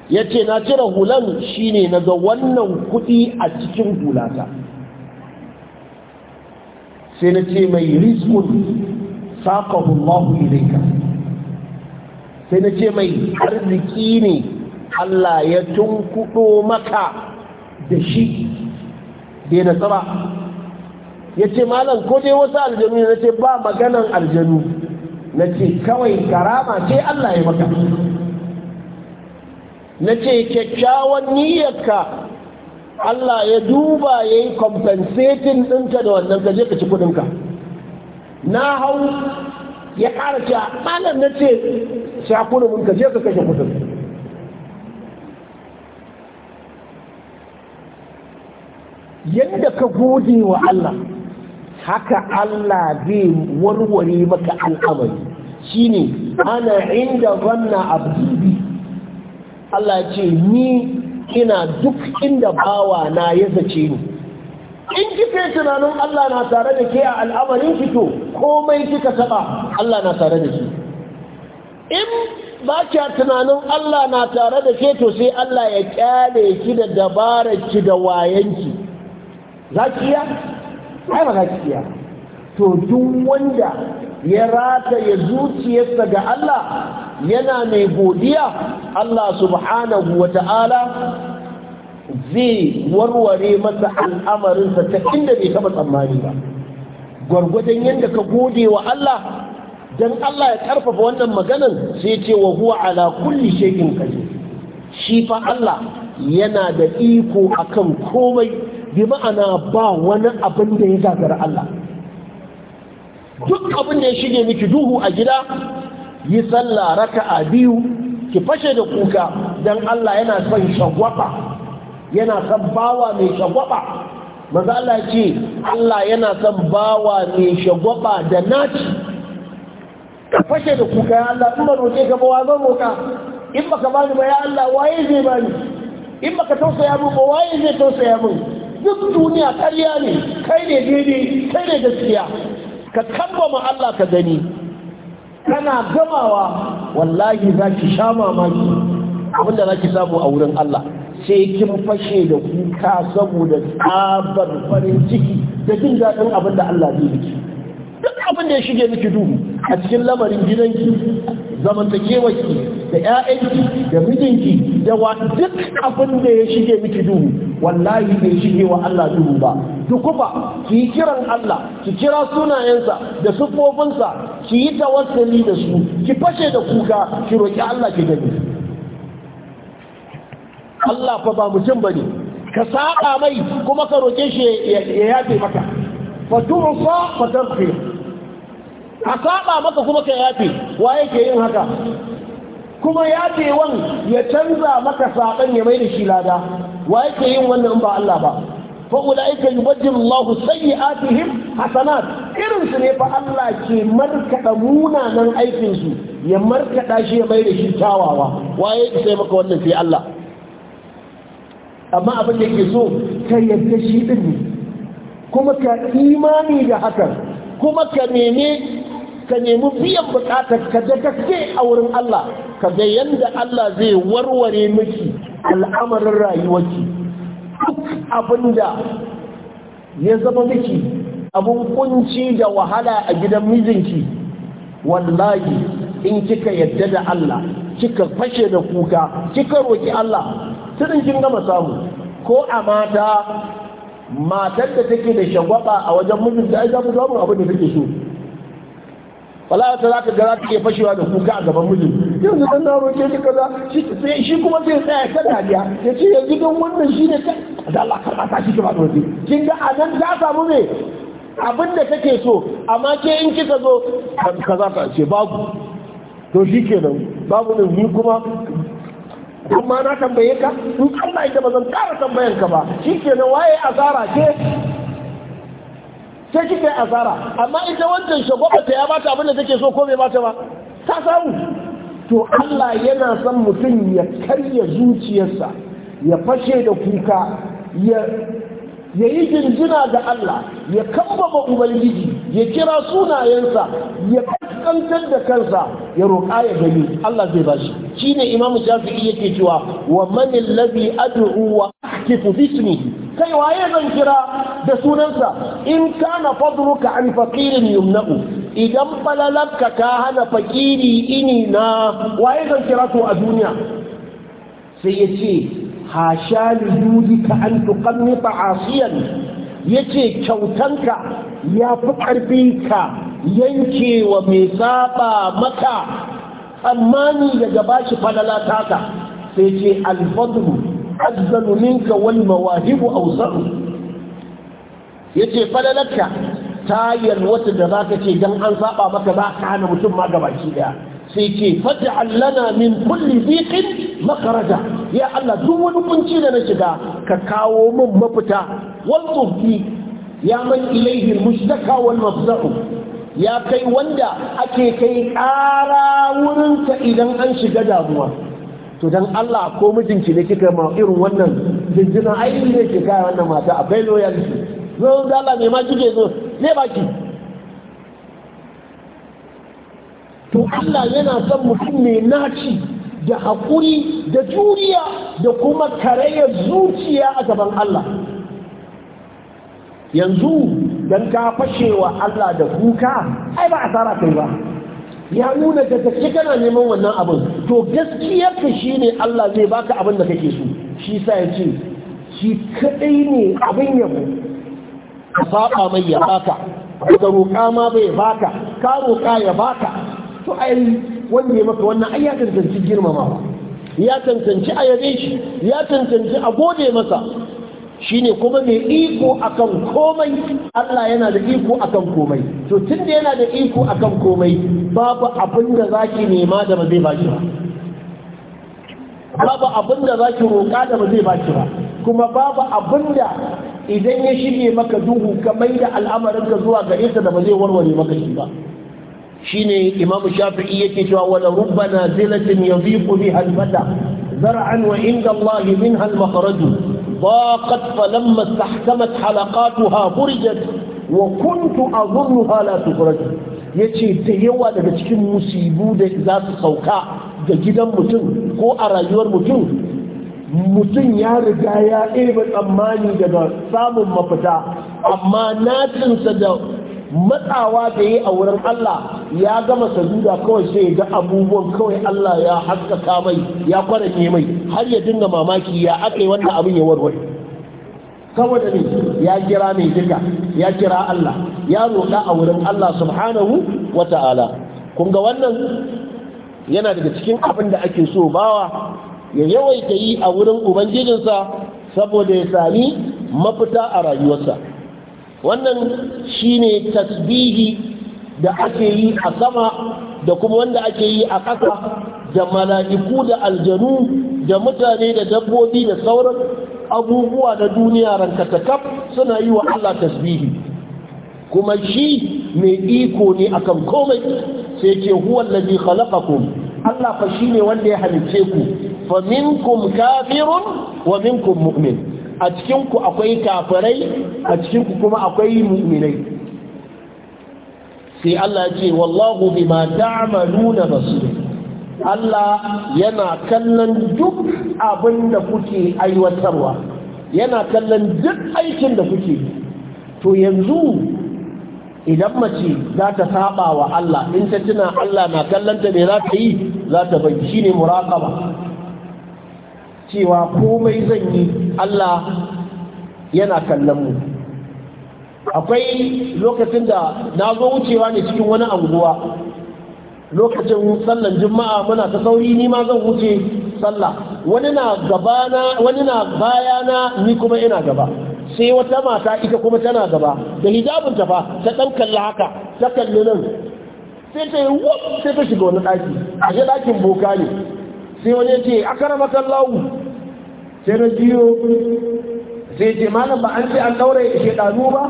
ya ce na cire hulan shi ne na ga wannan kuɗi a cikin hulata sai na ce mai rizkun saƙahullahu ka. sai na ce mai arziki ne Allah ya kudo maka da shi bai nasara ya ce malam ko dai wasu aljanu na ce ba maganan aljanu na ce kawai karama ce Allah ya maka na ce kyakkyawan niyyarka Allah ya duba ya yi compensating ɗinka da wannan gaje ka ci kudinka na hau ya ƙara ce na ce shakunan ka je ka kashe kudin yadda ka gode wa Allah haka Allah zai warware maka al'amari shine ana inda zanna abdi Allah ce ni ina duk inda bawa na ya zace ni in kike tunanin Allah na tare da ke a al'amarin ki komai kika taba Allah na tare da ke. in ba kya tunanin Allah na tare da ke to sai Allah ya kyale ki da dabarar ki da wayanki za ai ba za to duk wanda ya rataye zuciyarsa ga Allah yana mai godiya Allah subhanahu wa ta'ala zai warware masa al'amarinsa ta inda bai taɓa tsammani ba gwargwadon yadda ka gode wa Allah don Allah ya ƙarfafa wannan maganan sai ce wa huwa ala kulli shekin kaje shi fa Allah yana da iko akan komai bi ma'ana ba wani abin da ya gagara Allah duk abin da ya shige miki duhu a gida yi sallah raka'a biyu ki fashe da kuka dan Allah yana son shagwaba yana son bawa mai shagwaba maza Allah ce Allah yana son bawa mai shagwaba da naci ka fashe da kuka ya Allah in ba roƙe ka ba wa zan roƙa in baka bani ba ya Allah waye zai bani in baka tausaya min ba waye zai tausaya min duk duniya karya ne kai ne daidai kai ne gaskiya ka kambama Allah ka gani kana gamawa wallahi za ki sha mamaki abinda za ki samu a wurin Allah sai kin fashe da kuka saboda tsabar farin ciki da jin daɗin abinda Allah zai biki duk abin da ya shige miki duhu a cikin lamarin gidanki zamantakewarki da 'ya'yanki da mijinki da wa duk abin da ya shige miki duhu wallahi bai shige wa Allah duhu ba Duk ba ki yi kiran Allah ki kira sunayensa da siffofinsa ki yi tawassuli da su ki fashe da kuka ki roki Allah ki gani Allah fa ba mutum bane ka saba mai kuma ka roke shi ya yafe maka fa tarfi a saba maka kuma ka yafe wa yake yin haka kuma yafewan ya canza maka saban ya mai da shi lada wa yake yin wannan ba Allah ba fa ulaika yubaddilu Allahu sayyi'atihim hasanat irin su ne fa Allah ke markada munanan aikin su ya markada shi ya mai da shi tawawa waye sai maka wannan sai Allah amma abin da yake so ka yadda shi din ne kuma ka imani da hakan kuma ka neme ka nemi biyan bukatar ka da gaske a wurin Allah ka ga yanda Allah zai warware miki al'amarin rayuwarki duk abinda ya zama miki abun kunci da wahala a gidan mijinki wallahi in kika yadda da Allah kika fashe da kuka kika roki Allah tunin kin gama samu ko a mata matar da take da shagwaba a wajen mijinta ai za mu samu abin da take so wala ta za ka gara take fashewa da kuka a gaban mijin yanzu dan na roke shi kaza sai shi kuma sai tsaya ta dariya ya ce yanzu dan wannan shine ta da Allah karba ta shi ba dole kin ga anan za samu ne abin da kake so amma ke in kika zo kaza ta ce babu to shi kenan babu ne ni kuma amma na tambaye ka in Allah ya ba zan kara tambayan ka ba shi kenan waye asara ke sai kika yi asara amma ita wancan shagwaba ta ya bata abin da take so ko bai bata ba ta samu to Allah yana son mutum ya karya zuciyarsa ya fashe da kuka ya ya yi da Allah ya kambama ubangiji ya kira sunayensa ya kaskantar da kansa ya roƙa ya gani Allah zai ba shi ne Imam Shafi'i yake cewa wa man allazi ad'u wa ahtifu bismihi kai waye zan kira da sunansa in kana fadruka an faqirin yumna'u idan balalaka ka hana fakiri ini na waye zan kira to a duniya sai ya ce hasha ka an tuqannita asiyan yace kyautanka ya fi ƙarfin ka yanke wa mai saba maka tsammani daga bashi falala ka. sai ce alfadlu azzalu minka wal mawahibu awsaru yace falalarka ta yalwata da zaka ce dan an saba maka ba ka hana mutum ma gabaki daya sai ke faj'al allana min kulli dhiqin makaraja ya Allah duk wani kunci da na shiga ka kawo min mafita wal ya man ilayhi mushtaka wal mafza'u ya kai wanda ake kai ƙara wurinka idan an shiga damuwa to dan Allah ko mijinki ne kika ma irin wannan jinjina ai ne kika wannan mata akwai loyalty zo da Allah ne ma kike zo ne baki to Allah yana son mutum mai naci da haƙuri da juriya da kuma karayar zuciya a gaban Allah yanzu don ka fashewa Allah da kuka ai ba asara kai ba ya nuna da gaske kana neman wannan abin to gaskiyar ka shine Allah zai baka abin da kake so shi sa ya ce shi kaɗai ne abin yabo ka saba mai ya baka ka roƙa ma bai baka ka roƙa ya baka to ai wanda ya maka wannan ai ya tantance girmamawa ya tantance a yabe shi ya tantance a gode masa shine kuma mai iko akan komai Allah yana da iko akan komai to tunda yana da iko akan komai babu abin da zaki nema da ba zai baki ba babu abin da zaki roƙa da ba zai baki ba kuma babu abin da idan ya shige maka duhu ka mai da al'amarinka zuwa gare da ba zai warware maka shi ba shine imam shafi'i yake cewa wala rubba nazilatin yadhiqu biha al-fata zar'an wa inda Allah minha al-makhraju ضاقت فلما استحكمت حلقاتها فرجت وكنت أظنها لا تخرج yace da yawa daga cikin musibu da za su sauka ga gidan mutum ko a rayuwar mutum mutum ya riga ya ɗebe tsammani daga samun mafita amma natinsa da matsawa da yi a wurin Allah ya gama saduda kawai sai ya ga abubuwan kawai Allah ya haskaka mai ya kwarake mai har ya dinga mamaki ya aka yi wannan abin ya warware saboda ne ya kira mai duka ya kira Allah ya roƙa a wurin Allah subhanahu wa ta'ala kun ga wannan yana daga cikin abin da ake so bawa ya yawaita yi a wurin ubangijinsa saboda ya sami mafita a rayuwarsa wannan shine tasbihi da ake yi a sama da kuma wanda ake yi a ƙasa da mala'iku da aljanu da mutane da dabbobi da sauran abubuwa na duniya rankatakaf suna yi wa Allah tasbihi kuma shi mai iko ne akan komai sai ce huwa allazi khalaqakum Allah fa shine wanda ya halice ku faminkum kafirun wa minkum mu'min a cikin ku akwai kafirai a cikinku kuma akwai mu'minai sai Allah ya ce wallahu bima ta'maluna basir Allah yana kallon duk abin da kuke aiwatarwa yana kallon duk aikin da kuke to yanzu idan mace za ta saba wa Allah in ta tuna Allah na kallon ta me za ta yi za ta bai shine muraqaba cewa komai zan yi Allah yana kallon mu akwai lokacin da na zo wucewa ne cikin wani anguwa lokacin sallan juma'a muna ta sauri ni ma zan wuce sallah wani na gabana wani na bayana ni kuma ina gaba sai wata mata ita kuma tana gaba da hijabin ta fa ta dan kalla haka ta kalli nan sai ta yi wop sai ta shiga wani ɗaki. a ɗakin boka ne sai wani ce akaramaka lahu sai na jiyo sai ce malam ba an ce an daure shedanu ba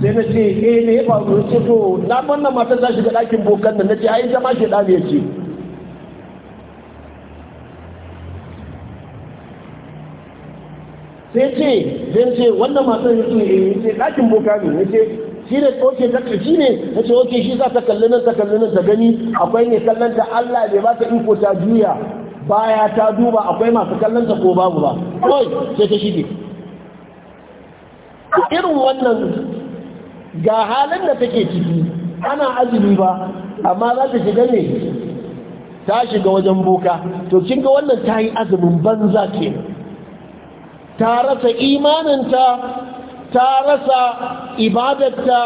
sai na ce eh ne ya faru ce to na matar za za shiga ɗakin bokan da na ce ai zama shedanu ya ce sai ce zai ce wannan matar ya ce eh ce ɗakin boka ne ya ce shi ne oke ta ƙarshe ne ta ce oke shi za ta kalli nan ta kalli nan ta gani akwai ne kallon Allah bai ba ta iko ta juya baya ta duba akwai masu kallon ta ko babu ba kawai sai ta shige irin wannan ga halin da take ciki ana azumi ba amma za ta shiga ne ta shiga wajen boka to kin ga wannan ta yi azumin banza ke ta rasa imaninta ta rasa ibadarta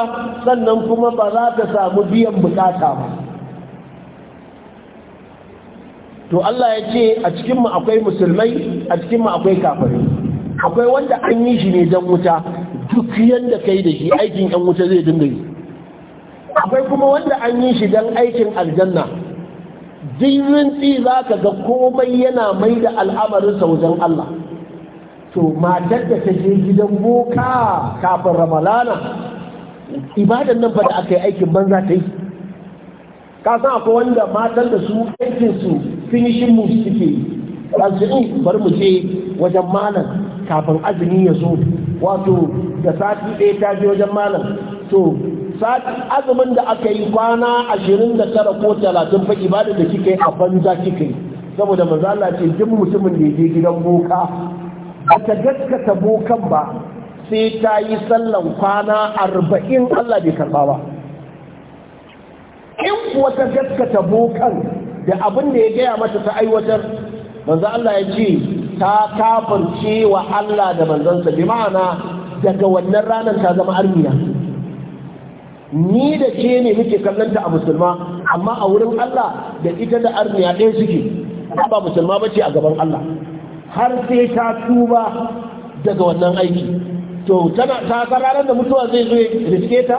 sannan kuma ba za ta samu biyan bukata ba to Allah ya ce a cikinmu akwai musulmai a cikinmu akwai kafirai akwai wanda an yi shi ne don wuta duk yadda kai da shi aikin yan wuta zai dinga yi akwai kuma wanda an yi shi don aikin aljanna jirin tsi za ka ga komai yana mai da al'amarin wajen Allah to matar da ta je gidan boka kafin ramalana ibadan nan fa da aka yi aikin banza ta yi ka san akwai wanda matan da su aikin su finishin mu suke azumi eh, bar mu je wajen malam kafin azumi ya zo wato da sati ɗaya ta je wajen malam to azumin da aka yi kwana ashirin da tara ko talatin fa ibadan da kika yi a banza kika yi saboda manzo Allah ce duk mutumin da ya je gidan boka ba ta gaskata bukan ba sai ta yi sallan kwana arba'in Allah bai karɓa ba in kuwa ta gaskata bukan da abin da ya gaya mata ta aiwatar manzan Allah ya ce ta kafance wa Allah da manzansa bi ma'ana daga wannan ranar ta zama armiya ni da ke ne muke kallonta a musulma amma a wurin Allah da ita da armiya ɗaya suke ba musulma ba ce a gaban Allah har sai ta tuba daga wannan aiki to tana ta ranar da mutuwa zai zo riske ta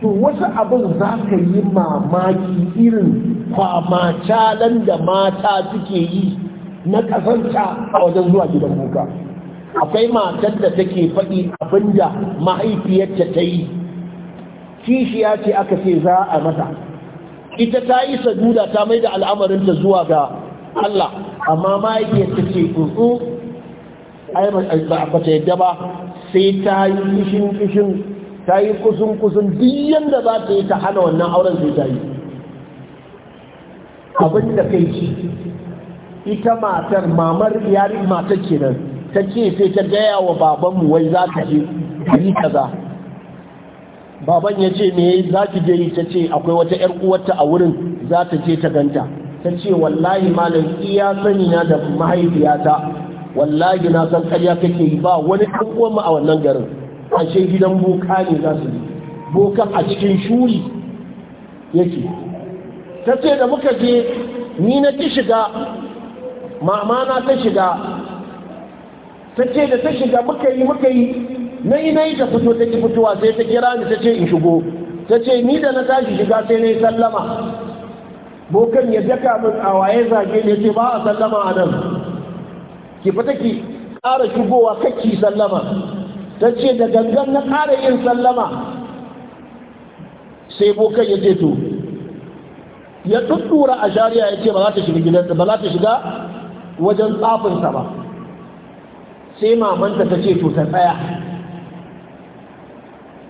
to wasu abin za ka yi mamaki irin kwamacalan da mata suke yi na kasanta a wajen zuwa gidan kuka akwai matar da take faɗi abinda mahaifiyarta ta yi kishiya ce aka ce za a mata ita ta yi saduda ta mai da al'amarinta zuwa ga Allah amma mahaifiyar ce tsutsu ai ba ta yadda ba sai ta yi kishin kishin ta yi kusun kusun biyan da za ta yi ta hana wannan auren sai ta yi abin da kai ce ita matar mamar yarin matar nan ta ce sai ta gaya wa babanmu wai za ka je kaza baban ya ce me za ki je ta ce akwai wata 'yar uwarta a wurin za ta je ta ganta ta ce wallahi malam iya sani na da mahaifiyata wallahi na san karya kake yi ba wani ɗan a wannan garin ashe gidan boka ne za su yi bokan a cikin shuri yake ta ce da muka je ni na ki shiga mama na ta shiga ta ce da ta shiga muka yi muka yi na yi na yi ta fito ta ki fitowa sai ta kira ni ta ce in shigo ta ce ni da na tashi shiga sai na yi sallama bokan ya daka min a waye zage ne ce ba a sallama a nan ki fita ki ƙara shigowa kacci sallama ta ce da gangan na ƙara yin sallama sai bokan ya ce to ya tuttura a shari'a ya ce ba za ta shiga gidansa ba za ta shiga wajen tsafinsa ba sai mamanta ta ce to ta tsaya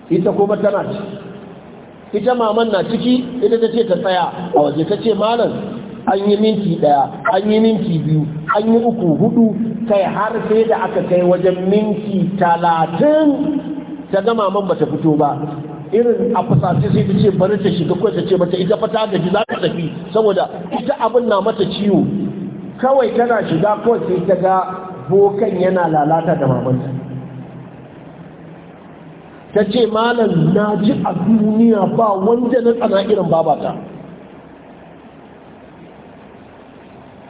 ita kuma tana ce ita maman na ciki ita ta ce ta tsaya a waje ta ce malam an yi minti daya an yi minti biyu an yi uku hudu kai har sai da aka kai wajen minti talatin ta ga maman ba ta fito ba irin a fasashe sai ta ce bari ta shiga kawai ta ce mata ita fata ta gaji za ta tafi saboda ita abin na mata ciwo kawai tana shiga kawai sai ta ga bokan yana lalata da mamanta ta ce malam na ji a duniya ba wanda na tsana irin babata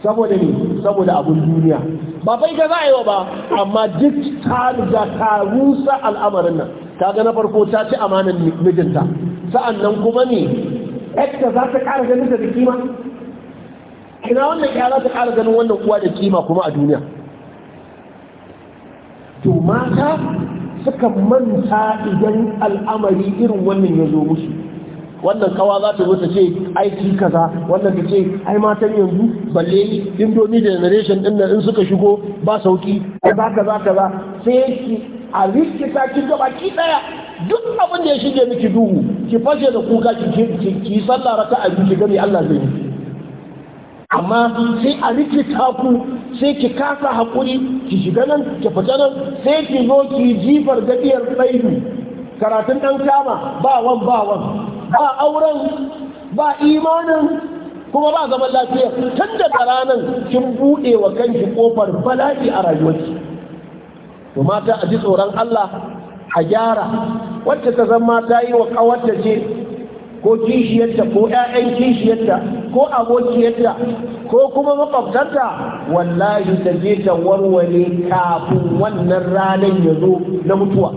saboda ne saboda abin duniya ba bai ga za'ayi ba amma duk ta riga ta rusa al'amarin nan ta ga na farko ta ci amanin mijinta sa'an nan kuma ne yadda za ta ƙara ganin da kima ina wannan ya za ta ƙara ganin wannan kuwa da kima kuma a duniya to mata suka manta idan al'amari irin wannan ya zo musu wannan kawa za ta zo ta ce aiki kaza wannan ta ce ai matan yanzu balle indomi generation din nan in suka shigo ba sauki ba kaza kaza sai ki a ta ki ga ki daya duk abin da ya shige miki duhu ki fashe da kuka ki ki sallah raka'a ki ga Allah zai yi amma sai a rikita ku sai ki kasa haƙuri ki shiga nan ki fita nan sai ki zo ki jifar gadiyar tsaidu karatun ɗan kama ba wan ba wan ba auren ba imanin kuma ba zaman lafiya tun da ranar kin buɗe wa kanki kofar bala'i a rayuwarki to mata a ji tsoron Allah a gyara wacce ta zama ta yi wa kawarta ce ko kishiyarta ko ƴaƴan kishiyarta ko abokiyarta ko kuma makwabtarta wallahi ta je ta warware kafin wannan ranar ya zo na mutuwa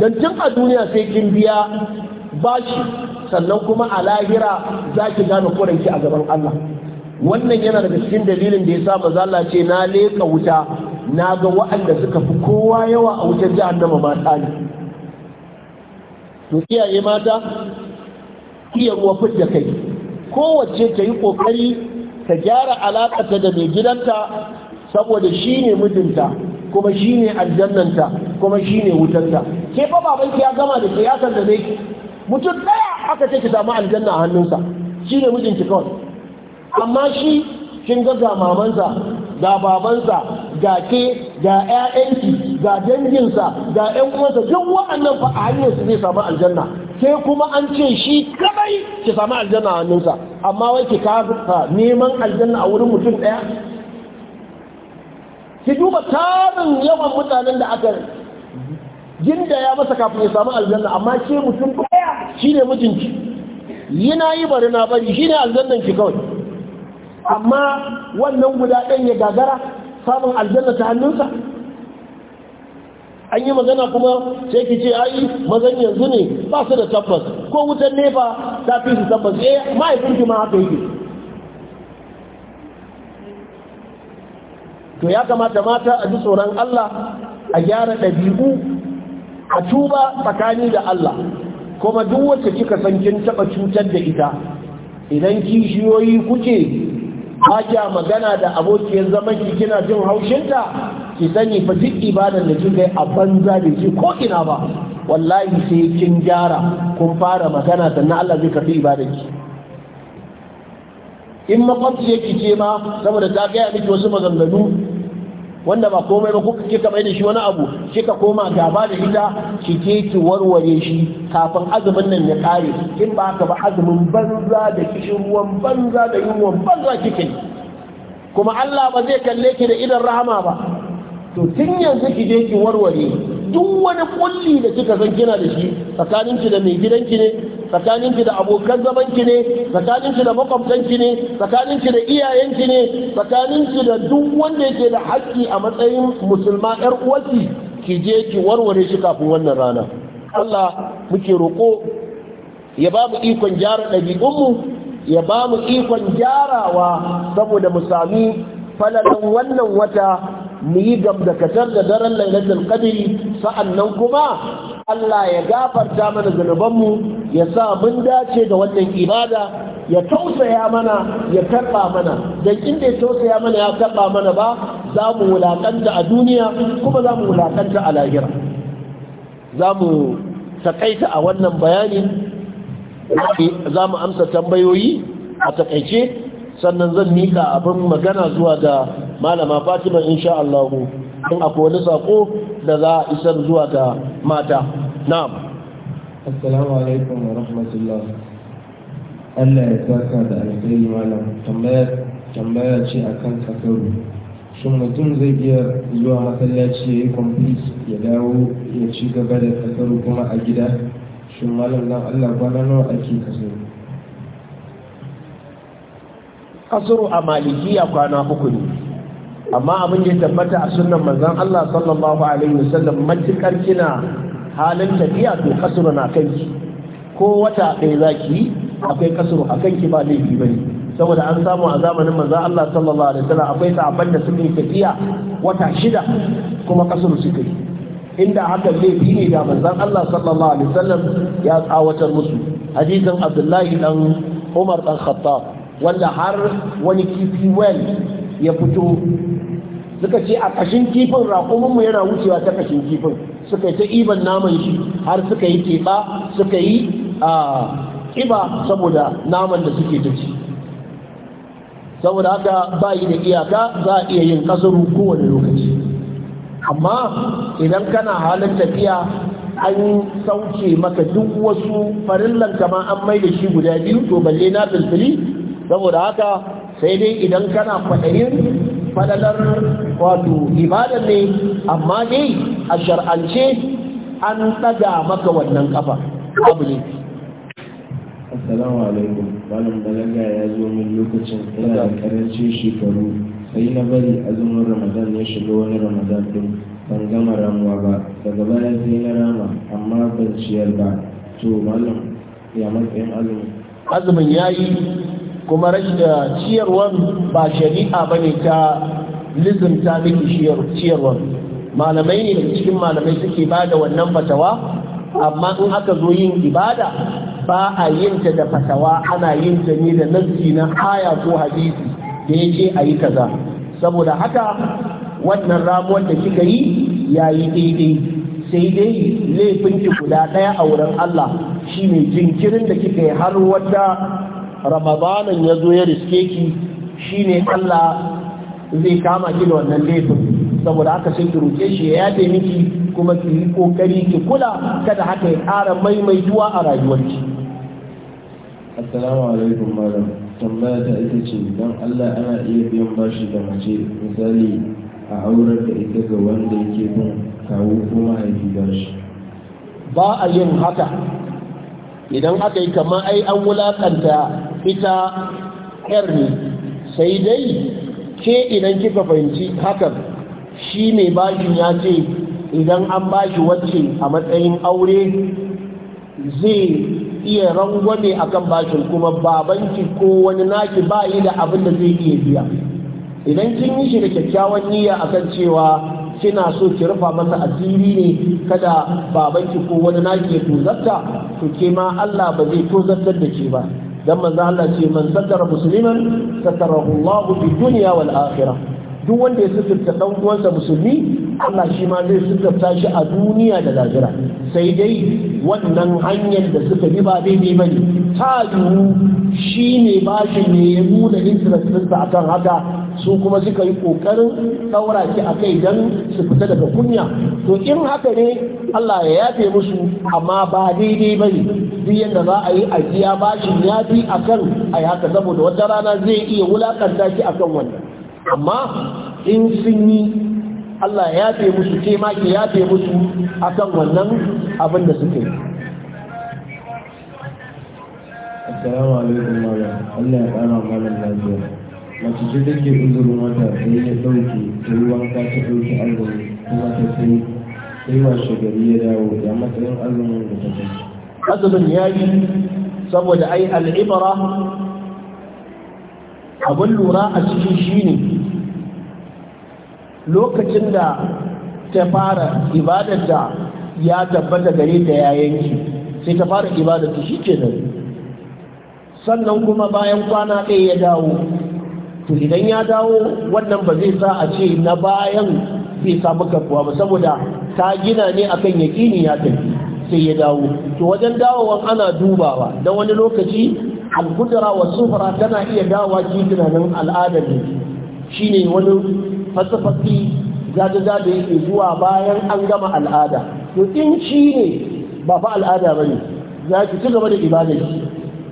don tun a duniya sai kin biya bashi sannan kuma a lahira za ki gane kwaranki a gaban Allah wannan yana daga cikin dalilin da ya sa maza Allah ce na leƙa wuta na ga waɗanda suka fi kowa yawa a wutar nama mata ne to iyaye mata iya ruwa fidda kai kowace ta yi ƙoƙari ta gyara ta da mai gidanta saboda shi ne mijinta kuma shi ne aljannanta kuma shi ne wutanta ke fa babanki ya gama da siyasar da zai mutum ɗaya aka ce ki samu aljanna a hannunsa shi ne mijinki kawai amma shi kin ga mamansa ga babansa ga ke ga 'ya'yanki ga danginsa ga 'yan uwansa duk wa'annan fa a hanyar su zai samu aljanna sai kuma an ce shi kadai ki samu aljanna a hannunsa amma wai ki kafa neman aljanna a wurin mutum ɗaya ki duba tarin yawan mutanen da aka ginda ya masa kafin ya samu aljanna amma ke mutum ɗaya shine mijinki yana yi bari na bari shine aljannan ki kawai amma wannan guda ɗan ya gagara samun aljanna ta hannunsa an yi magana kuma sai ki ce ai mazan yanzu ne ba su da tabbas ko wutar nefa ta fi su tabbas eh mahaifin ki ma haka yake to ya kamata mata a ji tsoron Allah a gyara ɗabi'u a tuba tsakani da Allah kuma duk wacce kika san kin taɓa cutar da ita idan kishiyoyi kuke ba magana da abokiyar zaman ki kina jin haushinta ki sani fa duk ibadar da kika yi a banza da ki ko ina ba wallahi sai kin gyara kun fara magana sannan Allah zai karbi ibadar ki in maƙwabci yake ce ma saboda ta gaya miki wasu maganganu wanda ba komai ba kuka kika bai da shi wani abu kika koma gaba da ita ki ki warware shi kafin azumin nan ya kare in ba ka ba azumin banza da kishin ruwan banza da yunwan banza kike yi kuma Allah ba zai kalle ki da idan rahama ba to tun yanzu ki je ki warware duk wani kulli da kika san kina da shi tsakanin ki da mai gidanki ne tsakaninki da abokan zamanki ne tsakaninki da makwabtanki ne tsakaninki da iyayenki ne tsakaninki da duk wanda yake da haƙƙi a matsayin musulma 'yar uwarki ki je ki warware shi kafin wannan rana Allah muke roƙo ya ba mu ikon gyara ɗabi'unmu ya ba mu ikon gyarawa saboda mu sami falalan wannan wata mu yi gamdakatar da daren lailatul qadri sa'annan kuma Allah ya gafarta mana zunubanmu ya sa mun dace da wannan ibada ya tausaya mana ya karɓa mana don inda ya tausaya mana ya karɓa mana ba za mu wulaƙanta a duniya kuma za mu wulaƙanta a lahira za mu taƙaita a wannan bayani za mu amsa tambayoyi a takaice sannan zan mika abin magana zuwa ga malama fatima insha Allahu. don a kowane sako da za a isar zuwa ta mata na. na'am assalamu alaikum wa rahmatullah Allah ya saka da alkhairi malam tambaya ce a kan kakaru shin mutum zai iya zuwa masallaci ya yi kwamfis ya dawo ya ci gaba da kasaru kuma a gida shin malam nan allah kwana nawa ake kasaru kasaru a malikiya kwana uku ne amma abin da ya tabbata a sunnan manzon Allah sallallahu alaihi wasallam matukar kina halin tafiya to kasuru na kanki ko wata ɗaya zaki akwai kasuru a kanki ba laifi ba ne. saboda an samu a zamanin manzon Allah sallallahu alaihi wasallam akwai sahabban da suke tafiya wata shida kuma kasuru suke yi inda haka laifi ne da manzon Allah sallallahu alaihi wasallam ya tsawatar musu hadisin Abdullahi dan Umar dan Khattab wanda har wani kifi well ya fito suka ce a kashin kifin raƙuminmu yana wucewa ta kashin kifin suka yi ta iban naman shi har suka yi teɓa suka yi ƙiba saboda naman da suke ta ci saboda haka ba yi da iyaka za a iya yin ƙasaru kowane lokaci amma idan kana halin tafiya an sauke maka duk wasu farillan kama an mai da shi guda biyu to balle na filfili saboda haka sai dai idan kana kwaɗayin faɗalar wato ibada ne amma dai a shar'ance an ɗaga maka wannan ƙafa abu ne assalamu alaikum malam balaga ya zo min lokacin ina da karancin shekaru sai na bari azumin ramadan ya shiga wani ramadan din ban gama ramuwa ba daga baya sai na rama amma ban ciyar ba to malam ya matsayin azumin azumin yayi kuma rashin ciyarwan ba shari'a ba ne ta lizimta miki ciyarwan malamai ne daga cikin malamai suke ba da wannan fatawa amma in aka zo yin ibada ba a yin ta da fatawa ana yin ta ne da nassi na haya ko hadisi da yake a yi kaza saboda haka wannan ramuwar da kika yi ya yi daidai sai dai laifin ki guda ɗaya a wurin Allah shi ne jinkirin da kika yi har wata ramadanin ya zo ya riske ki shine Allah zai kama ki da wannan laifin saboda haka sai ki roke shi ya yafe miki kuma ki yi kokari ki kula kada haka ya ƙara maimaituwa a rayuwarki assalamu alaikum malam tambaya ta ita ce don Allah ana iya biyan bashi da mace misali a aurar da ita ga wanda yake bin kawo ko mahaifi bashi ba a yin haka idan aka yi kamar ai an wulakanta ita yar ne sai dai ke idan kika fahimci hakan shi mai bashin ya ce idan an bashi wacce a matsayin aure zai iya rangwame kan bashin kuma babanki ko wani naki ba yi da abin da zai iya biya idan kin yi shi da kyakkyawan niyya kan cewa kina so ki rufa masa asiri ne kada babanki ko wani naki ya tozarta to ke ma Allah ba zai tozartar da ke ba dan manzo Allah ce man satara musliman satarahu Allah fi dunya wal akhirah duk wanda ya suturta dan uwansa musulmi Allah shi ma zai suturta shi a duniya da lahira sai dai wannan hanyar da suka bi ba daidai ba ne ta shi ne bashi ne ya nuna interest ɗinsa akan haka su kuma suka yi ƙoƙarin ɗaura ki a kai don su fita daga kunya to in haka ne Allah ya yafe musu amma ba daidai ba ne duk yadda za a yi ajiya ba shi ya fi a kan a yi haka saboda wata rana zai iya wulaƙanta ki a kan wani amma in sun yi Allah ya yafe musu ke ma ki yafe musu a kan wannan abin da suke yi Assalamu alaikum malam. Allah ya kara malam lafiya. mace ce ke uzurin wata sai ya ɗauke ta yi wanka ta ɗauki azumi kuma ta sai sai washe gari ya dawo ya matsayin azumin da ta kai azumin ya yi saboda ai al'ibara abin lura a cikin shi ne lokacin da ta fara ibadarta ya tabbata gare ta ya yanki sai ta fara ibadarta shi ke nan sannan kuma bayan kwana ɗaya ya dawo to idan ya dawo wannan ba zai sa a ce na bayan zai samu karbuwa ba saboda ta gina ne akan yaƙini ya tafi sai ya dawo to wajen dawowan ana dubawa don wani lokaci alkudura wa sufura tana iya dawa ki tunanin al'adar ne shine wani fasafasi zada-zada yake zuwa bayan an gama al'ada to in shi ne ba fa al'ada ba ne za ki ci gaba da ibadar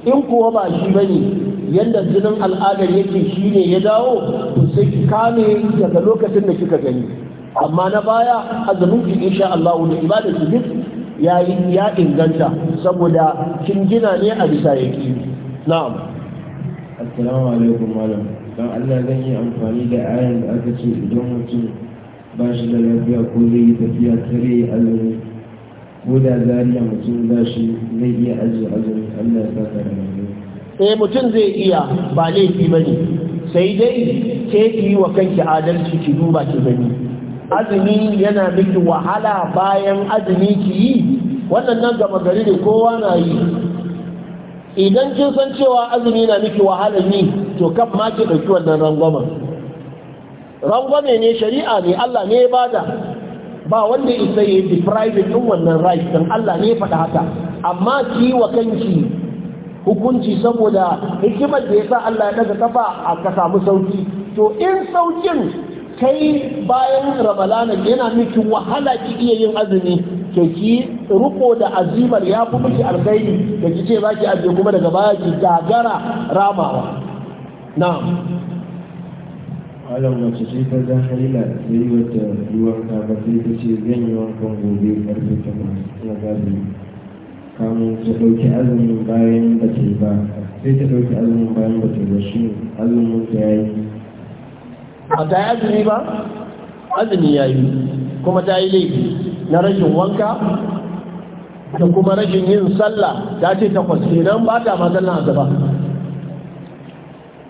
in kuwa ba shi ba ne yadda jinin al'adar yake shi ne ya dawo to sai ki kame daga lokacin da kika gani amma na baya azumin ki insha Allah da ibada ki duk ya inganta saboda kin gina ne a bisa yaki na'am assalamu alaikum malam dan Allah zan yi amfani da ayan da aka ce idan mutum ba shi da lafiya ko zai yi tafiya kare azumi ko da zariya mutum za shi zai iya ajiye azumi Allah ya saka da lafiya. eh mutum zai iya ba laifi bane sai dai ke yi wa kanki adalci ki duba ki gani azumi yana miki wahala bayan azumi ki yi waɗannan gama gari da kowa na yi idan kin san cewa azumi na miki wahala ne to kan ma ki ɗauki wannan rangwamen rangwame ne shari'a ne Allah ne ya bada ba wanda isa ya yi ɗin wannan rai ɗin Allah ne ya faɗa haka amma ki wa kanki hukunci saboda hikimar da ya sa Allah ya daga kafa a ka samu sauki to in saukin kai bayan Rabalana yana miki wahala ki iya yin azumi to ki ruko da azimar ya fi miki alkhairi da ki ce zaki aje kuma daga baya ki gagara ramawa na'am malam wacce sai ta ga halila sai wata ruwan ka ba sai ta ce zan yi wankan gobe karfe 8 na gabi kamun ta ɗauki azumin bayan da ta yi ba sai ta ɗauki azumin bayan da ta yi ba shi azumin ta ya yi a ta yi azumi ba azumi ya yi kuma ta yi laifi na rashin wanka da kuma rashin yin sallah ta ce takwas kenan ba ta ma sallah azaba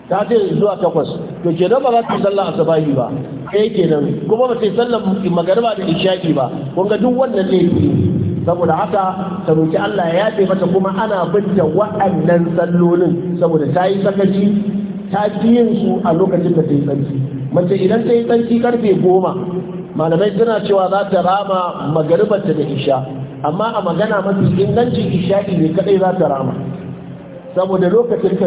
ta ce zuwa takwas to kenan ba za ta sallah azaba yi ba ɗaya kenan kuma ba ta yi sallah magariba da ishaki ba kun ga duk wannan laifi saboda haka ta roki Allah ya yafe mata kuma ana binta wa'annan sallolin saboda ta yi sakaci ta fi yin su a lokacin da ta yi tsanki. mace idan ta yi tsanki karfe goma malamai suna cewa za ta rama magaribarta da isha amma a magana mafi inganci isha'i ne kadai za ta rama saboda lokacin ta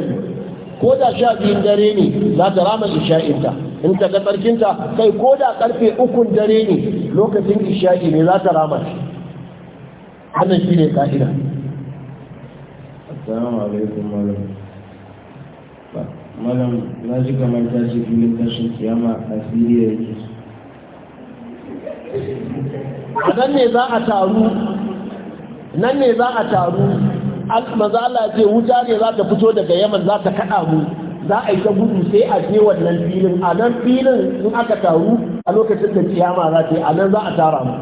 ko da sha biyun dare ne za ta rama isha'inta in ta ga tsarkinta kai ko da karfe ukun dare ne lokacin isha'i ne za ta rama shi wannan shi ne ƙa'ida assalamu alaikum malam malam na ji kamar ce filin tashin kiyama a siriya yake a nan ne za a taru nan ne za a taru maza Allah ce wuta ne za ta fito daga yaman za ta kaɗa mu za a yi ta gudu sai a je wannan filin a nan filin in aka taru a lokacin da kiyama za ta yi a nan za a tara mu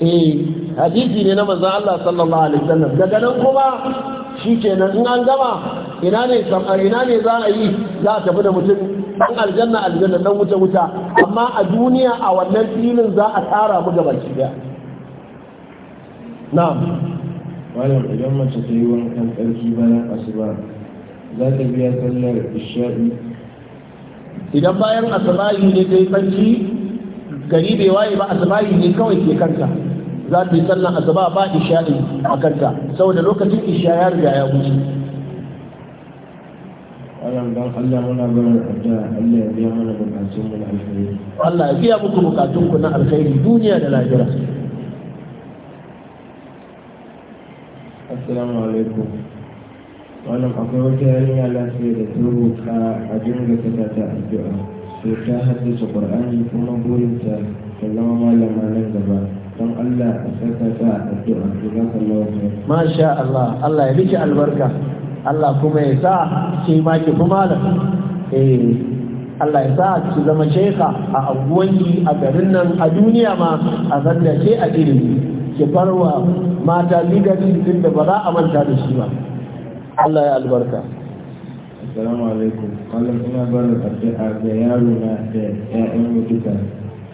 eh hadisi ne na manzon Allah sallallahu alaihi wasallam daga nan kuma shi ke nan. in an gama ina ne ina ne za a yi za a tafi da mutum dan aljanna aljanna dan wuta wuta amma a duniya a wannan filin za a tara mu gaba ki daya na'am malam idan mace ta yi wankan tsarki bayan asuba za ta biya sallar isha'i idan bayan asubahi ne ta yi tsarki gari bai waye ba asubahi ne kawai ke kanta za ta yi sallan asuba ba isha'i a kanta saboda lokacin isha ya riga ya wuce Allah ya biya muku ku na alkhairi duniya da lahira Assalamu alaikum wannan akwai wata yarinya lafiya da ta roƙa a dinga ta ta addu'a sai ta haddace Qur'ani kuma burinta ta zama malama nan gaba don Allah a saka ta a addu'a jazakallahu khair masha Allah Allah ya miki albarka Allah kuma ya sa ki ma ki kuma da eh Allah ya sa ki zama sheka a anguwanki a garin nan a duniya ma a zanna ke a ilimi ki farwa mata ligari din da ba za a manta da shi ba Allah ya albarka assalamu alaikum kallon ina da addu'a ga yaro na da ƴaƴan mu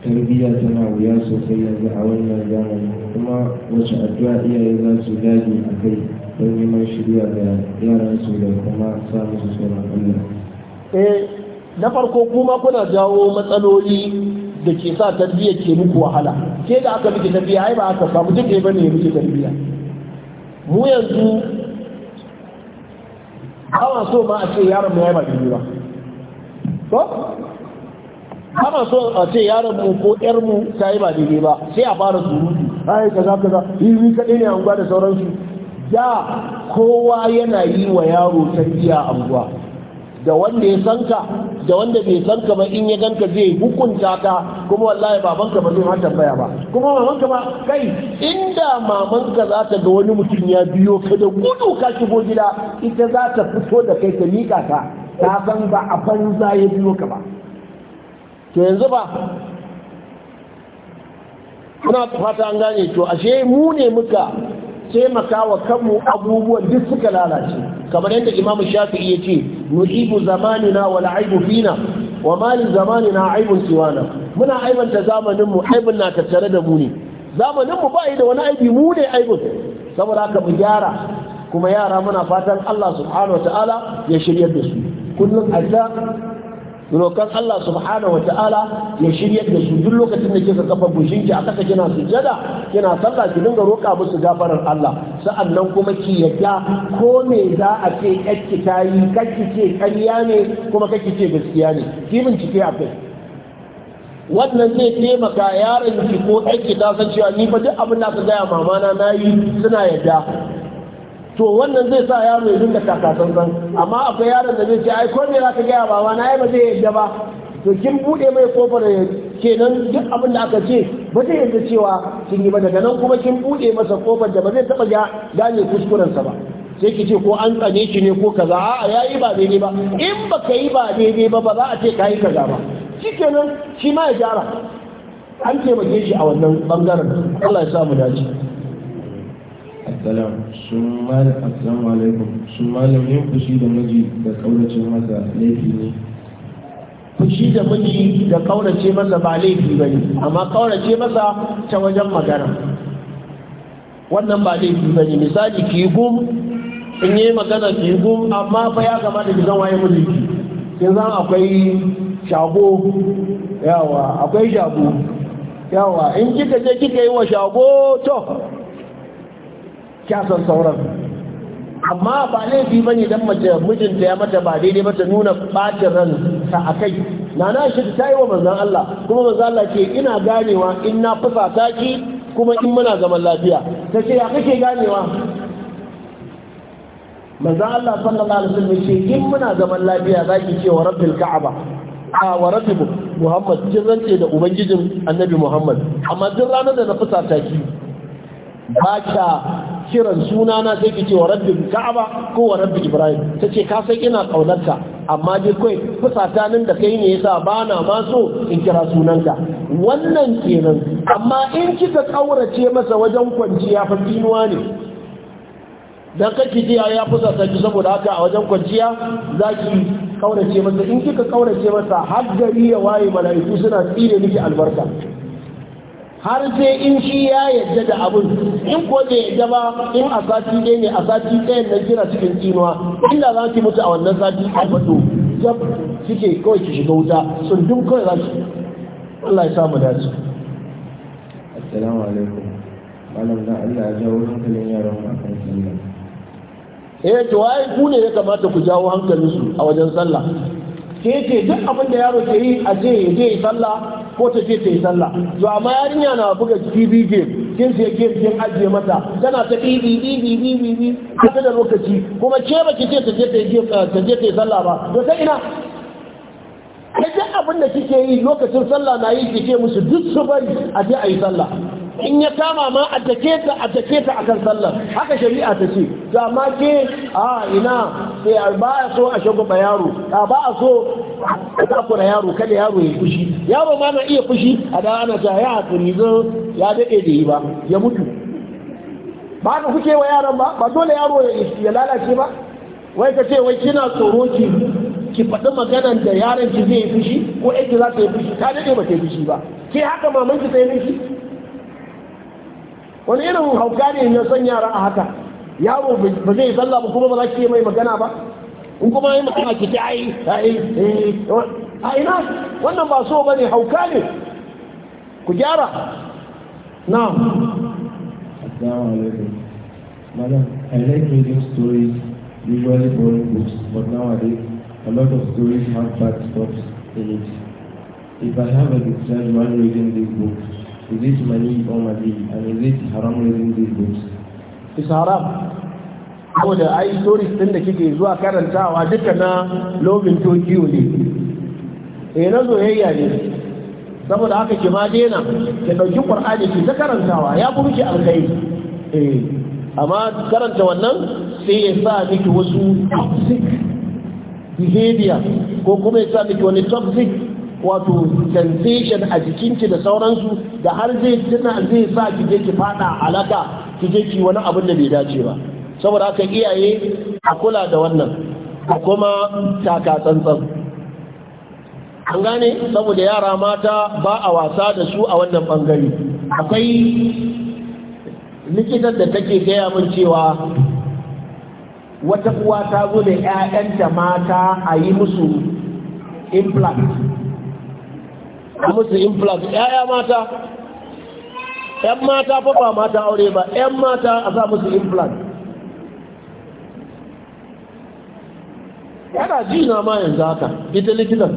tarbiyya tana wuya sosai yanzu a wannan zamani kuma wace addu'a iyaye za su dage a kai don neman shirya ga yaransu da kuma sa musu tsoron Allah. Eh, na farko kuma kuna jawo matsaloli da ke sa tarbiyya ke muku wahala. Ke da aka miki tarbiyya ai ba aka samu duk ne ya miki tarbiyya. Mu yanzu ba so ma a ce yaron mu ya ba ba. To? ana so a ce yaron mu ko yar mu ta yi ba daidai ba sai a fara surutu ai kaza kaza yi kaɗai ne anguwa da sauransu da kowa yana yi wa yaro a anguwa da wanda ya sanka da wanda bai sanka ba in ya ganka zai hukunta ka kuma wallahi babanka ba zai hata baya ba kuma mamanka ba kai inda mamanka za ta ga wani mutum ya biyo ka da gudu ka shigo gida ita za ta fito da kai ta miƙa ka ta san ba a banza ya biyo ka ba to yanzu ba muna fata an gane to ashe mu ne muka taimaka wa kanmu abubuwan duk suka lalace kamar yadda imam shafi'i ya ce nu'ibu zamanina wa aibu fina wa mali zamanina aibun siwana muna aibanta zamanin aibun na tattare da mu ne zamaninmu mu ba yi da wani aibi mu ne aibun saboda haka mu gyara kuma yara muna fatan Allah subhanahu wa ta'ala ya shiryar da su kullum adda roƙon Allah subhanahu wa ta'ala ya shirya da su duk lokacin da kika kafa gushin ki a kasa kina sujada kina sallah ki dinga roƙa musu gafarar Allah sa'annan kuma ki yadda ko me za a ce kakki tayi kakki ce kariya ne kuma kakki ce gaskiya ne ki bincike a kai wannan zai taimaka yaron ki ko ɗanki ta san cewa ni fa duk abin da aka gaya mamana na yi suna yadda to wannan zai sa yaro ya dinga takasansan amma akwai yaron da zai ce ai ko me za ka gaya wa na ai ba zai yadda ba to kin bude mai kofar kenan duk abin da aka ce ba zai yadda cewa kin yi ba daga nan kuma kin bude masa kofar da ba zai taba ga gane kuskurensa ba sai ki ce ko an tsane shi ne ko kaza a'a yayi ba daidai ba in ba ka yi ba daidai ba ba za a ce ka yi kaza ba kenan shi ma ya gyara an taimake shi a wannan bangaren Allah ya sa mu dace salam sun malam assalamu alaikum sun malam yin fushi da miji da kaurace masa laifi ne fushi da miji da kaurace masa ba laifi ba ne amma kaurace masa ta wajen magana wannan ba laifi ba ne misali ki yi gum in yi magana ki yi gum amma fa ya gama da gidan waye laifi sai zan akwai shago yawa akwai shago yawa in kika je kika yi wa shago to kyasan sauran amma ba laifi ba ne don mace mijinta ya mata ba daidai ba ta nuna ɓacin ran ta a kai na na shi ta yi wa manzan Allah kuma manzan Allah ke ina ganewa in na fi ta ki kuma in muna zaman lafiya ta ce ya kake ganewa manzan Allah sallallahu alaihi wasallam ce in muna zaman lafiya za ki ce wa rabbil ka'aba a wa rabbi muhammad kin rance da ubangijin annabi muhammad amma duk ranar da na fi ta ba ta kiran na sai ki ce wa rabbin ka'aba ko wa rabbi ibrahim ta ce ka san ina kaunarka amma dai kai fusata nan da kai ne yasa ba na ma so in kira sunanka wannan kenan amma in kika kaurace masa wajen kwanciya fa tinuwa ne dan kake ji ya ta ji saboda haka a wajen kwanciya zaki kaurace masa in kika kaurace masa har gari ya waye mala'iku suna tsire miki albarka har sai in shi ya yadda da abun in ko da yadda ba in a sati ɗaya ne a sati ɗaya na jira cikin tsinuwa inda za ki mutu a wannan sati a fato jab suke kawai ki shiga wuta sun dun kawai za su Allah ya samu dace assalamu alaikum malam na Allah ya jawo hankalin yaran a kan sallah eh to ai ku ne ya kamata ku jawo hankalinsu a wajen sallah ke ce duk abin da yaro ke yi a ce ya je sallah ko ta je ta yi sallah to amma yarinya na buga TV game kin sai ke kin ajiye mata tana ta bi bi bi bi bi bi ta da lokaci kuma ke ba ki ce ta je ta yi ta je ta yi sallah ba to sai ina kai abin da kike yi lokacin sallah na yi kike musu duk su bari a je a yi sallah in ya kama ma a take ta a take ta akan sallar haka shari'a ta ce to amma ke a ina sai ba a so a ba yaro a ba a so a takura yaro kada yaro ya fushi yaro ma na iya fushi a da ana ta ya ni zo ya daɗe da yi ba ya mutu ba ka kuke wa yaran ba ba dole yaro ya lalace ba wai ka ce wai kina tsoro ki ki faɗi maganan da yaron ki zai fushi ko ki za ta yi fushi ka daɗe ba ta yi fushi ba ke haka mamanki sai yi fushi wani irin hauka ne na son yara a haka yaro ba zai sallah ba kuma ba za ki mai magana ba in kuma yi magana ki ta ai ai a ina wannan ba so bane hauka ne ku gyara na'am assalamu alaikum madam i like reading stories usually boring books but nowadays a lot of stories have bad stuff in it if i have a good time while reading these books Is it mani or mali? And is it haram zai these books? It's haram. Saboda oh, ai stories din da kike zuwa karantawa duka na lobin Tokyo ne. Eh na zoyayya ne. Saboda haka ke ma daina ke dauki Qur'ani ki ta karantawa ya ku miki alkai Eh amma karanta wannan sai ya sa miki wasu toxic behavior ko kuma ya sa miki wani toxic wato sensation a jikinki da sauransu da har zai tuna zai sa ki je ki fada alaka ki je ki wani abin da bai dace ba saboda haka iyaye a kula da wannan a kuma taka tsantsan an gane saboda yara mata ba a wasa da su a wannan bangare akwai likitan da take gaya min cewa wata uwa ta zo da 'ya'yanta mata a yi musu implant a musu implant ya mata yan mata fafa mata aure ba yan mata a sa musu implant yana ji na ma yanzu haka ita likitan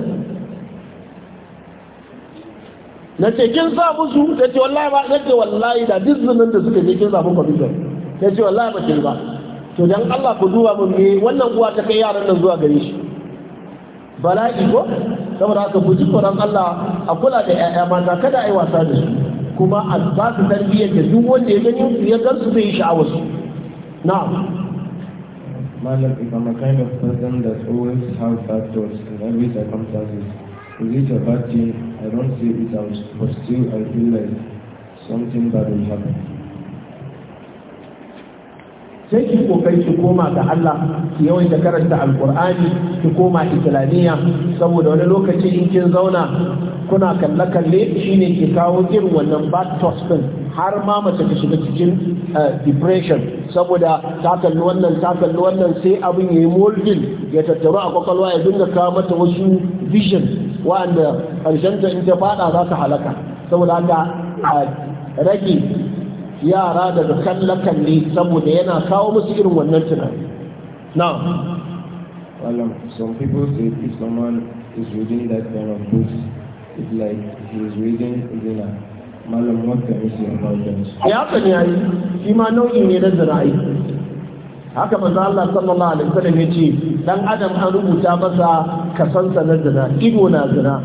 na cikin za sa musu da ce wallahi ba na ce wallahi da duk zunan da suka je kin samu kwamishin ta ce wallahi ba kin ba to don Allah ku zuwa mummi wannan kuwa ta kai yaran nan zuwa gare shi bala'i ko saboda haka ku ji Allah a kula da ƴaƴa mata kada a yi wasa da su kuma a ba su tarbiyyar da duk wanda ya gani su ya gan zai yi sha'awa su na'am malam if I'm a kind of person that always have bad thoughts in every circumstances is it a bad thing I don't see it out but still I feel like something bad will happen sai ki kokari ki koma ga Allah ki yawaita karanta alkur'ani ki koma islamiyya saboda wani lokaci in kin zauna kuna kalle kalle shine ki kawo irin wannan bad thoughts din har ma mace ta shiga cikin eh, depression saboda ta kalli wannan ta kalli wannan sai abin yayi molding ya tattaru a kwakwalwa ya dinga kawo mata wasu vision wa'anda karshen ta in ta fada za ta halaka saboda haka eh, rage yara daga kalle-kalle saboda yana kawo musu irin wannan tunani Na. well, some people say if someone is reading that kind of books it's like he is reading zina malam what can you say about that ya haka ne yayi shi ma nau'i ne na zira'i haka manzo Allah sallallahu alaihi wasallam yace dan adam an rubuta masa kasansa na zina ido na zina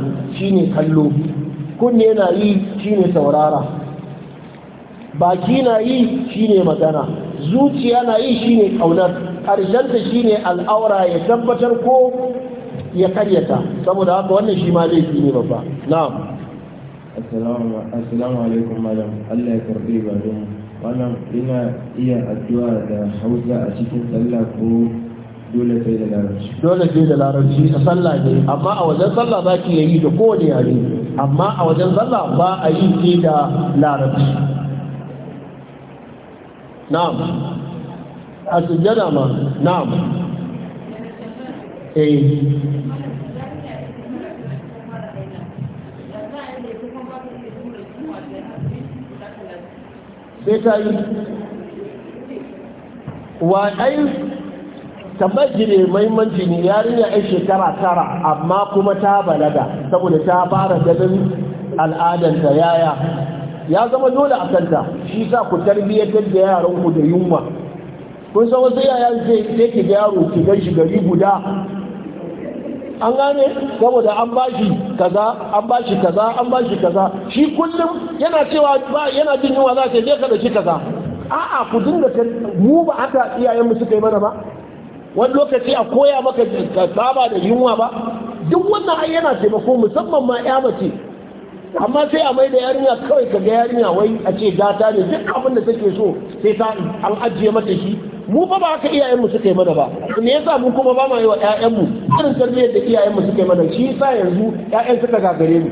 shine kallo kunne yana yi shine saurara baki na yi shine magana zuciya na yi shine kaunar ƙarshenta shine al'aura ya tabbatar ko ya karyata saboda haka wannan shi ma zai ne babba na'am assalamu alaikum malam Allah ya karbi don wannan ina iya addu'a da Hausa a cikin sallah ko dole sai da larabci dole sai da larabci a sallah ne amma a wajen sallah zaki yayi da kowane yare amma a wajen sallah ba a yi sai da larabci na'am a ma na'am eh yi wa ai tabbaji ne mahimmanci ne yarinya ya shekara tara amma kuma ta balaga saboda ta fara ganin al'adanta yaya ya zama dole a kanta shi sa ku tarbiyyar da yaran ku da yunwa kun san wasu yaya zai ki da yaro ki gan shi gari guda an gane saboda an bashi kaza an bashi kaza an bashi kaza shi kullum yana cewa ba yana jin yunwa za ta je kada shi kaza a'a ku dinga mu ba aka iyayen mu suka yi mana ba wani lokaci a koya maka saba da yunwa ba duk wannan ai yana taimako musamman ma ya mace amma sai a mai da yarinya kawai ka ga yarinya wai a ce gata ne duk abin da take so sai ta an ajiye mata shi mu fa ba haka iyayenmu suka yi mana ba me yasa mu kuma ba ma yi wa ƴaƴanmu irin tarbiyyar da iyayenmu suka yi mana shi yasa yanzu ƴaƴan suka gagare mu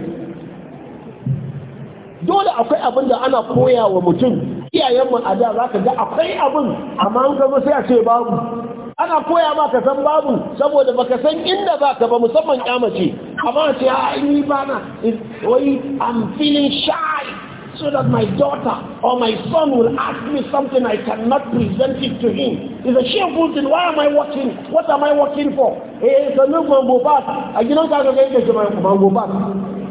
dole akwai abin da ana koya wa mutum iyayenmu a da zaka ga akwai abin amma an gaba sai a ce babu ana koya ma ka san babu saboda ka san inda za ka ba musamman kyamace amma ce a yi na wai i'm feeling shy so that my daughter or my son will ask me something I cannot present it to him. is a shameful thing. Why am I working? What am I working for? Eh, eh so no go go bat. A gidan ka ga yake ce go bat.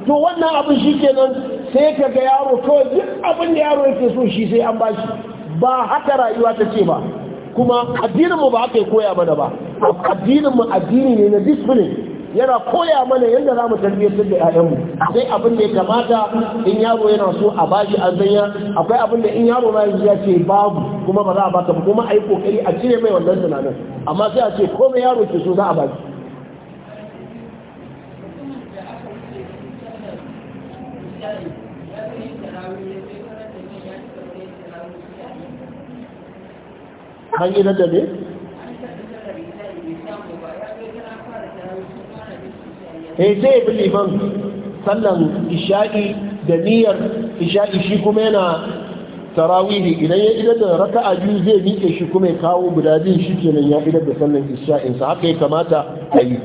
To wannan abin shi kenan sai ka ga yaro to duk abin da yaro yake so shi sai an bashi. Ba haka rayuwa ta ce ba. kuma addinin mu ba aka koya mana ba mu addini ne na discipline yana koya mana yadda za mu tarbiyyar da mu sai abin da ya kamata in yaro yana so a bashi zanya akwai abin da in yaro yanzu ya ce babu kuma ba za a baka ba kuma a yi kokari a cire mai wannan tunanin amma sai a ce komai yaro ke so za a baki an da ne eh sai ya liman isha'i da niyyar isha'i shi kuma yana tarawihi idan ya idar da raka'a biyu zai miƙe shi kuma ya kawo guda biyu shi kenan ya idar da sannan isha'insa haka ya kamata a yi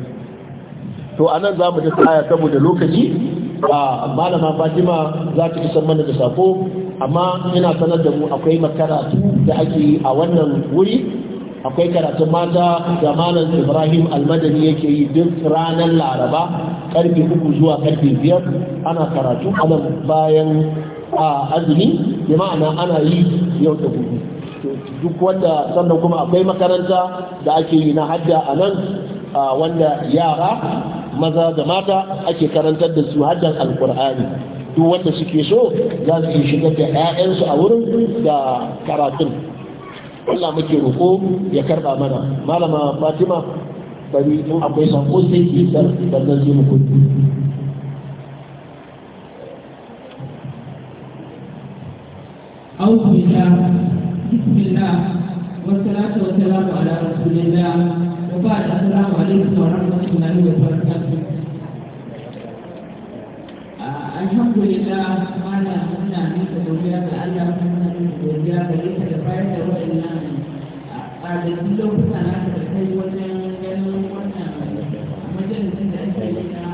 to a nan za mu ta aya saboda lokaci a ah, malama fatima za ta isar mana da sako amma ina sanar da mu akwai makaratu da ake a wannan wuri akwai karatun mata da malam ibrahim almadani yake yi duk ranar laraba karfe uku zuwa karfe biyar ana karatu ana bayan a azumi da ma'ana ana yi yau da gobe duk wanda sannan kuma akwai makaranta da ake yi na hadda a nan wanda yara maza da mata ake karantar da su haddan alkur'ani duk wanda suke so za su shigar da 'ya'yansu a wurin da karatun Allah muke roko ya karba mana malama fatima bari in akwai sako sai ke san sannan zai muku أعوذ بالله بسم الله والصلاة والسلام alhamdulillah mana muna nuna godiya ga Allah muna nuna godiya ga ita da bayar da wa'annan adadin lokuta na da kai wajen ganin wannan majalisin da ake yi na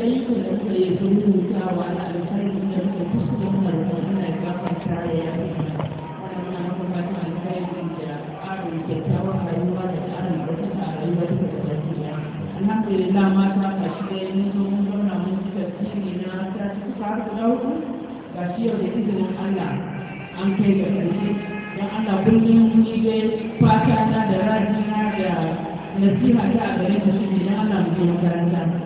ayyukan da muka yi sun rubutawa da alfarmi da muka kusa muna roƙon ana gafarta da kuma ta alfarmi da ƙarin kyakkyawan rayuwa da ƙarin ɗaukaka a rayuwa da gaskiya alhamdulillah mata ga shi da yin zo mun zauna mun ji tafsiri na ta ci fara da ɗauku ga shi yau da izinin Allah an kai ga ƙarshe don Allah kullum ni dai fata na da rajina da nasiha ta a gare ta shi ne na Allah mu je makaranta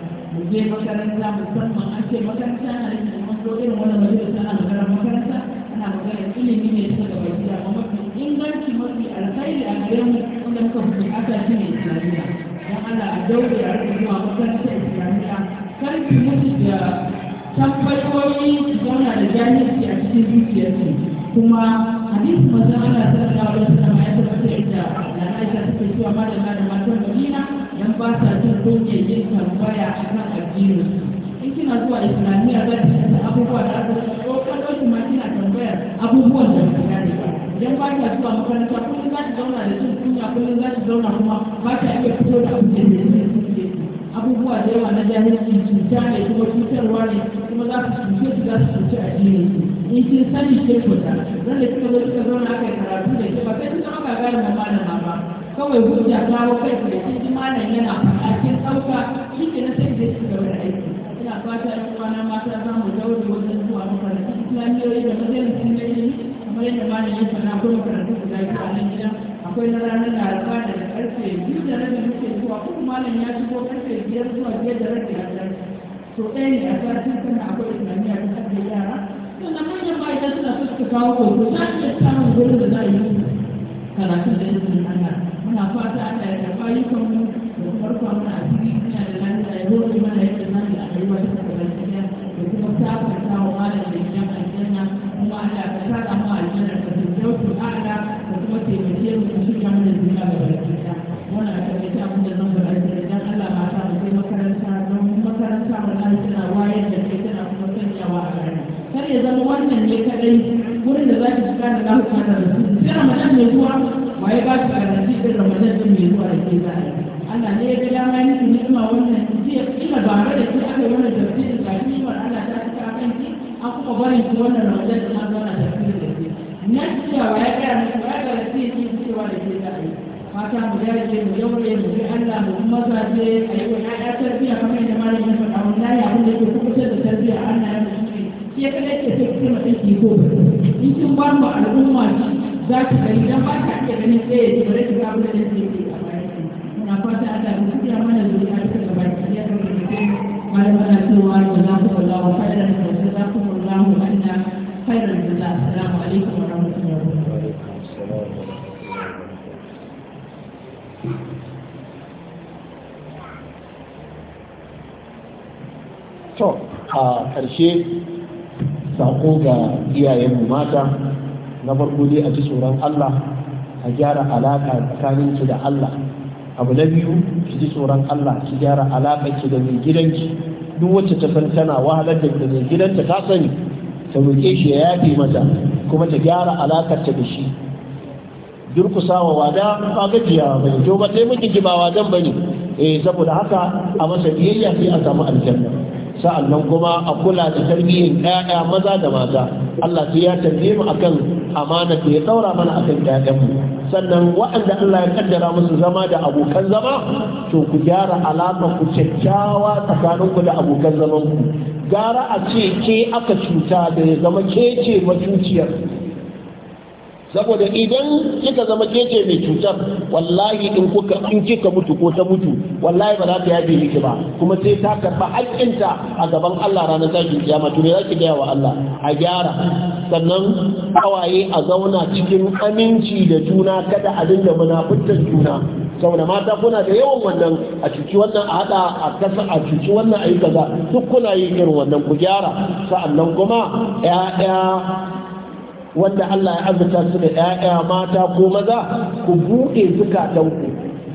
je makaranta musamman an ce makaranta na da ke maso irin wannan majalisa ana magana makaranta ana magana ilimi ne ta gaba gida amma mafi inganci mafi alkhairi a gare mu wanda muka fi aka shi ne islamiyya don Allah a daure a rika zuwa makaranta islamiyya kar ki mutu da tabbatoyi zauna da jahilci a cikin zuciyarki kuma hadisi manzon Allah sallallahu alaihi wasallam ya tabbata da Aisha take cewa malama da matan Madina dan ba sa jin doke yin tambaya a kan addinin in kina zuwa islamiyya za ki san abubuwa da aka ko kallon ki ma kina tambaya abubuwan da ka gane ba idan ba ka zuwa makaranta kullum za ki zauna da jin kunya kullum za ki zauna kuma ba ka iya fito da abin da ke cikin abubuwa da yawa na jahilci cuta ne kuma cutarwa ne kuma za su cuce su za su cuci addinin in kin sani ke kuta zan da kika zo zauna aka yi karatu da ke ba sai kika maka gane malama ba kawai hujja ta hau kai da cikin malam yana faɗa cikin ɗauka shi ke na sai da shi gaba da aiki ina fata yan uwana mata za mu daure wajen zuwa makarantu islamiyoyi da majalisun na ilimi kamar yadda malam ya faɗa akwai makarantu guda biyu a nan gida akwai na ranar da alfa da karfe biyu da rabi muke zuwa kuma malam ya shigo karfe biyar zuwa biyar da rabi a can to ɗaya ne a satin sana akwai islamiyya ta karfe yara sannan manyan ma'aikata suna suka kawo hoto za su iya samun gurin da za a yi karatun da izinin Allah muna fata Allah ya karɓa yi mu da kuma muna asiri ina da lafiya ya ne mana yadda zamu yi a rayuwa ta gabatakiya da kuma sabanta wa malam da gidan aljanna kuma Allah ka sada mu aljanna ka tunjautu ala da kuma taimake mu ka shirya mana duniya gabatakiya wannan ka ta abin da zan bar aiki ta Allah ba ta mu kai makaranta don makaranta wallahi tana wayar da kai tana kuma sanyawa a ta kar ya zama wannan ne kadai wurin da za ki shiga da lahu kana da sai ramadan mai zuwa wa ya ba ki karanci da ramadan din mai zuwa da ke za a Allah ne ya ga dama ya miki ni'ima wannan jiya kila ba ga da ki aka yi wannan tafsirin ga ki ba Allah ta ta akan ki an kuma barin ki wannan ramadan din an zauna tafsirin da ke nan cewa ya yi miki ba ga da ki ki cewa da ke za a yi fata mu dace mu yaure mu bi Allah mu kuma zaje a yi wa ya tarbiya kamar yadda malamin ya faɗa wallahi abin da yake kuka da tarbiya Allah ya mutu ke kada ke sai kuma ki ko in kin ba mu al'umma ki za ki gani dan ba ka iya ganin sai ya ji bare ki ga abin da yake yi a bayan muna fata Allah ya kiyaye mana zuriya ta gaba ki ya ga mutum malam ana cewa wa la ilaha illallah wa khairan wa jazakum Allah anna khairan jazaa assalamu alaikum wa rahmatullahi wa to a ƙarshe Saƙo ga iyayenmu mata na farko dai a ji tsoron Allah a gyara alaƙa tsakanin ki da Allah abu na biyu ki ji tsoron Allah ki gyara alaƙa ki da mai gidanki duk wacce ta san tana wahalar da mai gidanta ta sani ta roƙe shi ya yafe mata kuma ta gyara alakar ta da shi durkusawa wada ba gajiya ba ne to ba sai mun ba wadan ba ne eh saboda haka a masa biyayya sai a samu aljanna sa'annan kuma a kula da tarbiyyar ɗaya-ɗaya maza da mata Allah sai ya tarbiye mu akan amana da ya daura mana akan ƴaƴan mu sannan waɗanda Allah ya kaddara musu zama da abokan zama to ku gyara alaƙa ku kyakkyawa tsakaninku da abokan zaman ku gara a ce ke aka cuta da ya zama ke ce macuciyar saboda idan kika zama keke mai cutar wallahi in kuka in kika mutu ko ta mutu wallahi ba za ta yabe miki ba kuma sai ta karba hakkinta a gaban Allah ranar tashin kiyama to me za ki gaya wa Allah a gyara sannan kawaye a zauna cikin aminci da juna kada a dinga munafuntan juna saboda mata kuna da yawan wannan a cuci wannan a hada a kasa a cuci wannan a kaza duk kuna yin irin wannan ku gyara sa'annan kuma ya'ya wanda Allah ya azurta su da ‘ya'ya mata ko maza ku buɗe zukatanku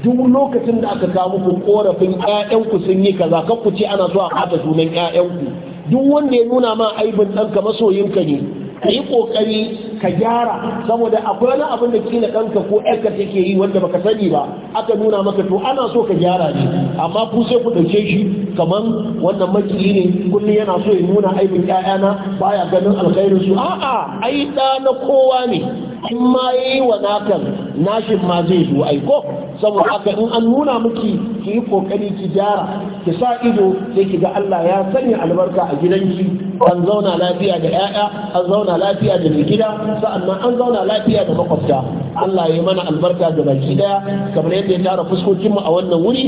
duk lokacin da aka kawo ku korafin ‘ya'yanku sun yi kaza kan ku ce ana zuwa hada sunan ‘ya'yanku duk wanda ya nuna ma aibin ɗanka masoyinka ne ka yi ƙoƙari ka gyara saboda akwai wani abin da kila kanka ko ka take yi wanda baka sani ba aka nuna maka to ana so ka gyara ne amma ku sai ku ɗauke shi kaman wannan makili ne kullum yana so ya nuna aibin ƴaƴana baya ganin alkhairin su a'a ai ɗa na kowa ne in ma yi wa nakan nashin ma zai zo aiko saboda haka in an nuna miki ki yi kokari ki gyara ki sa ido sai ki ga Allah ya sanya albarka a gidanki an zauna lafiya da 'ya'ya an zauna lafiya da mai gida sa'annan an zauna lafiya da makwabta Allah ya mana albarka da baki daya kamar yadda ya tara fuskokin mu a wannan wuri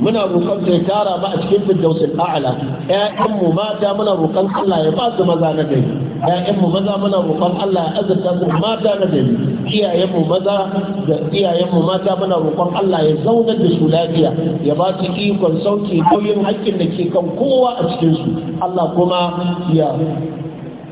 muna roƙon ta tara ba a cikin firdausul a'la ƴaƴan mu mata muna roƙon Allah ya ba su maza na gari ƴaƴan mu maza muna roƙon Allah ya azurta su mata na gari iyayen mu maza da iyayen mu mata muna roƙon Allah ya zauna da su lafiya ya ba su ikon sauki nauyin haƙƙin da ke kan kowa a cikin su Allah kuma ya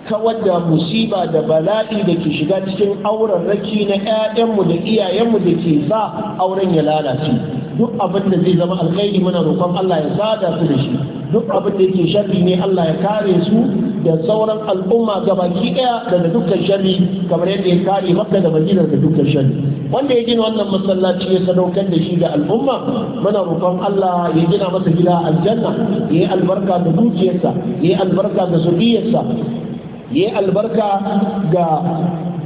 kawar da musiba da bala'i da ke shiga cikin auren raki na 'ya'yanmu da iyayenmu da ke sa auren ya lalace duk abin da zai zama alkhairi muna roƙon Allah ya sada su da shi duk abin da yake sharri ne Allah ya kare su da sauran al'umma gabaki ɗaya daga dukkan sharri kamar yadda ya kare Makka da Madina daga dukkan sharri wanda ya gina wannan masallaci ya sadaukar da shi ga al'umma muna roƙon Allah ya gina masa gida aljanna ya yi albarka da dukiyarsa ya yi albarka da zuriyarsa ya yi albarka ga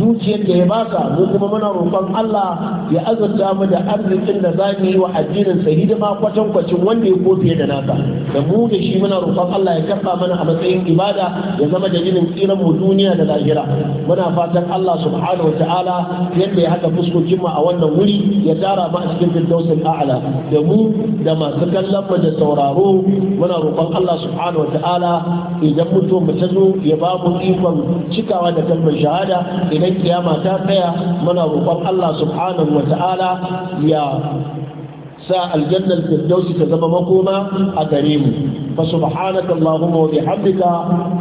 dukiyar da ya baka mu kuma muna roƙon Allah ya azurta mu da arzikin da za mu yi wa addinin sa hidima kwatan kwacin wanda ya kofi da naka da mu da shi muna roƙon Allah ya karɓa mana a matsayin ibada ya zama dalilin tsiran mu duniya da lahira muna fatan Allah subhanahu wa ta'ala yadda ya haka fuskokin mu a wannan wuri ya tara mu a cikin firdausul a'la da mu da masu kallon mu da sauraro muna roƙon Allah subhanahu wa ta'ala idan mutum mu zo ya ba mu ikon cikawa da kalmar shahada idan idan kiyama ta tsaya muna roƙon Allah subhanahu wa ta'ala ya sa aljannar firdausi ta zama makoma a gare mu fa subhanaka allahumma wa bihamdika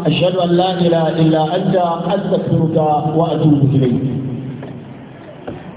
ashhadu an la ilaha illa anta astaghfiruka wa atubu ilayk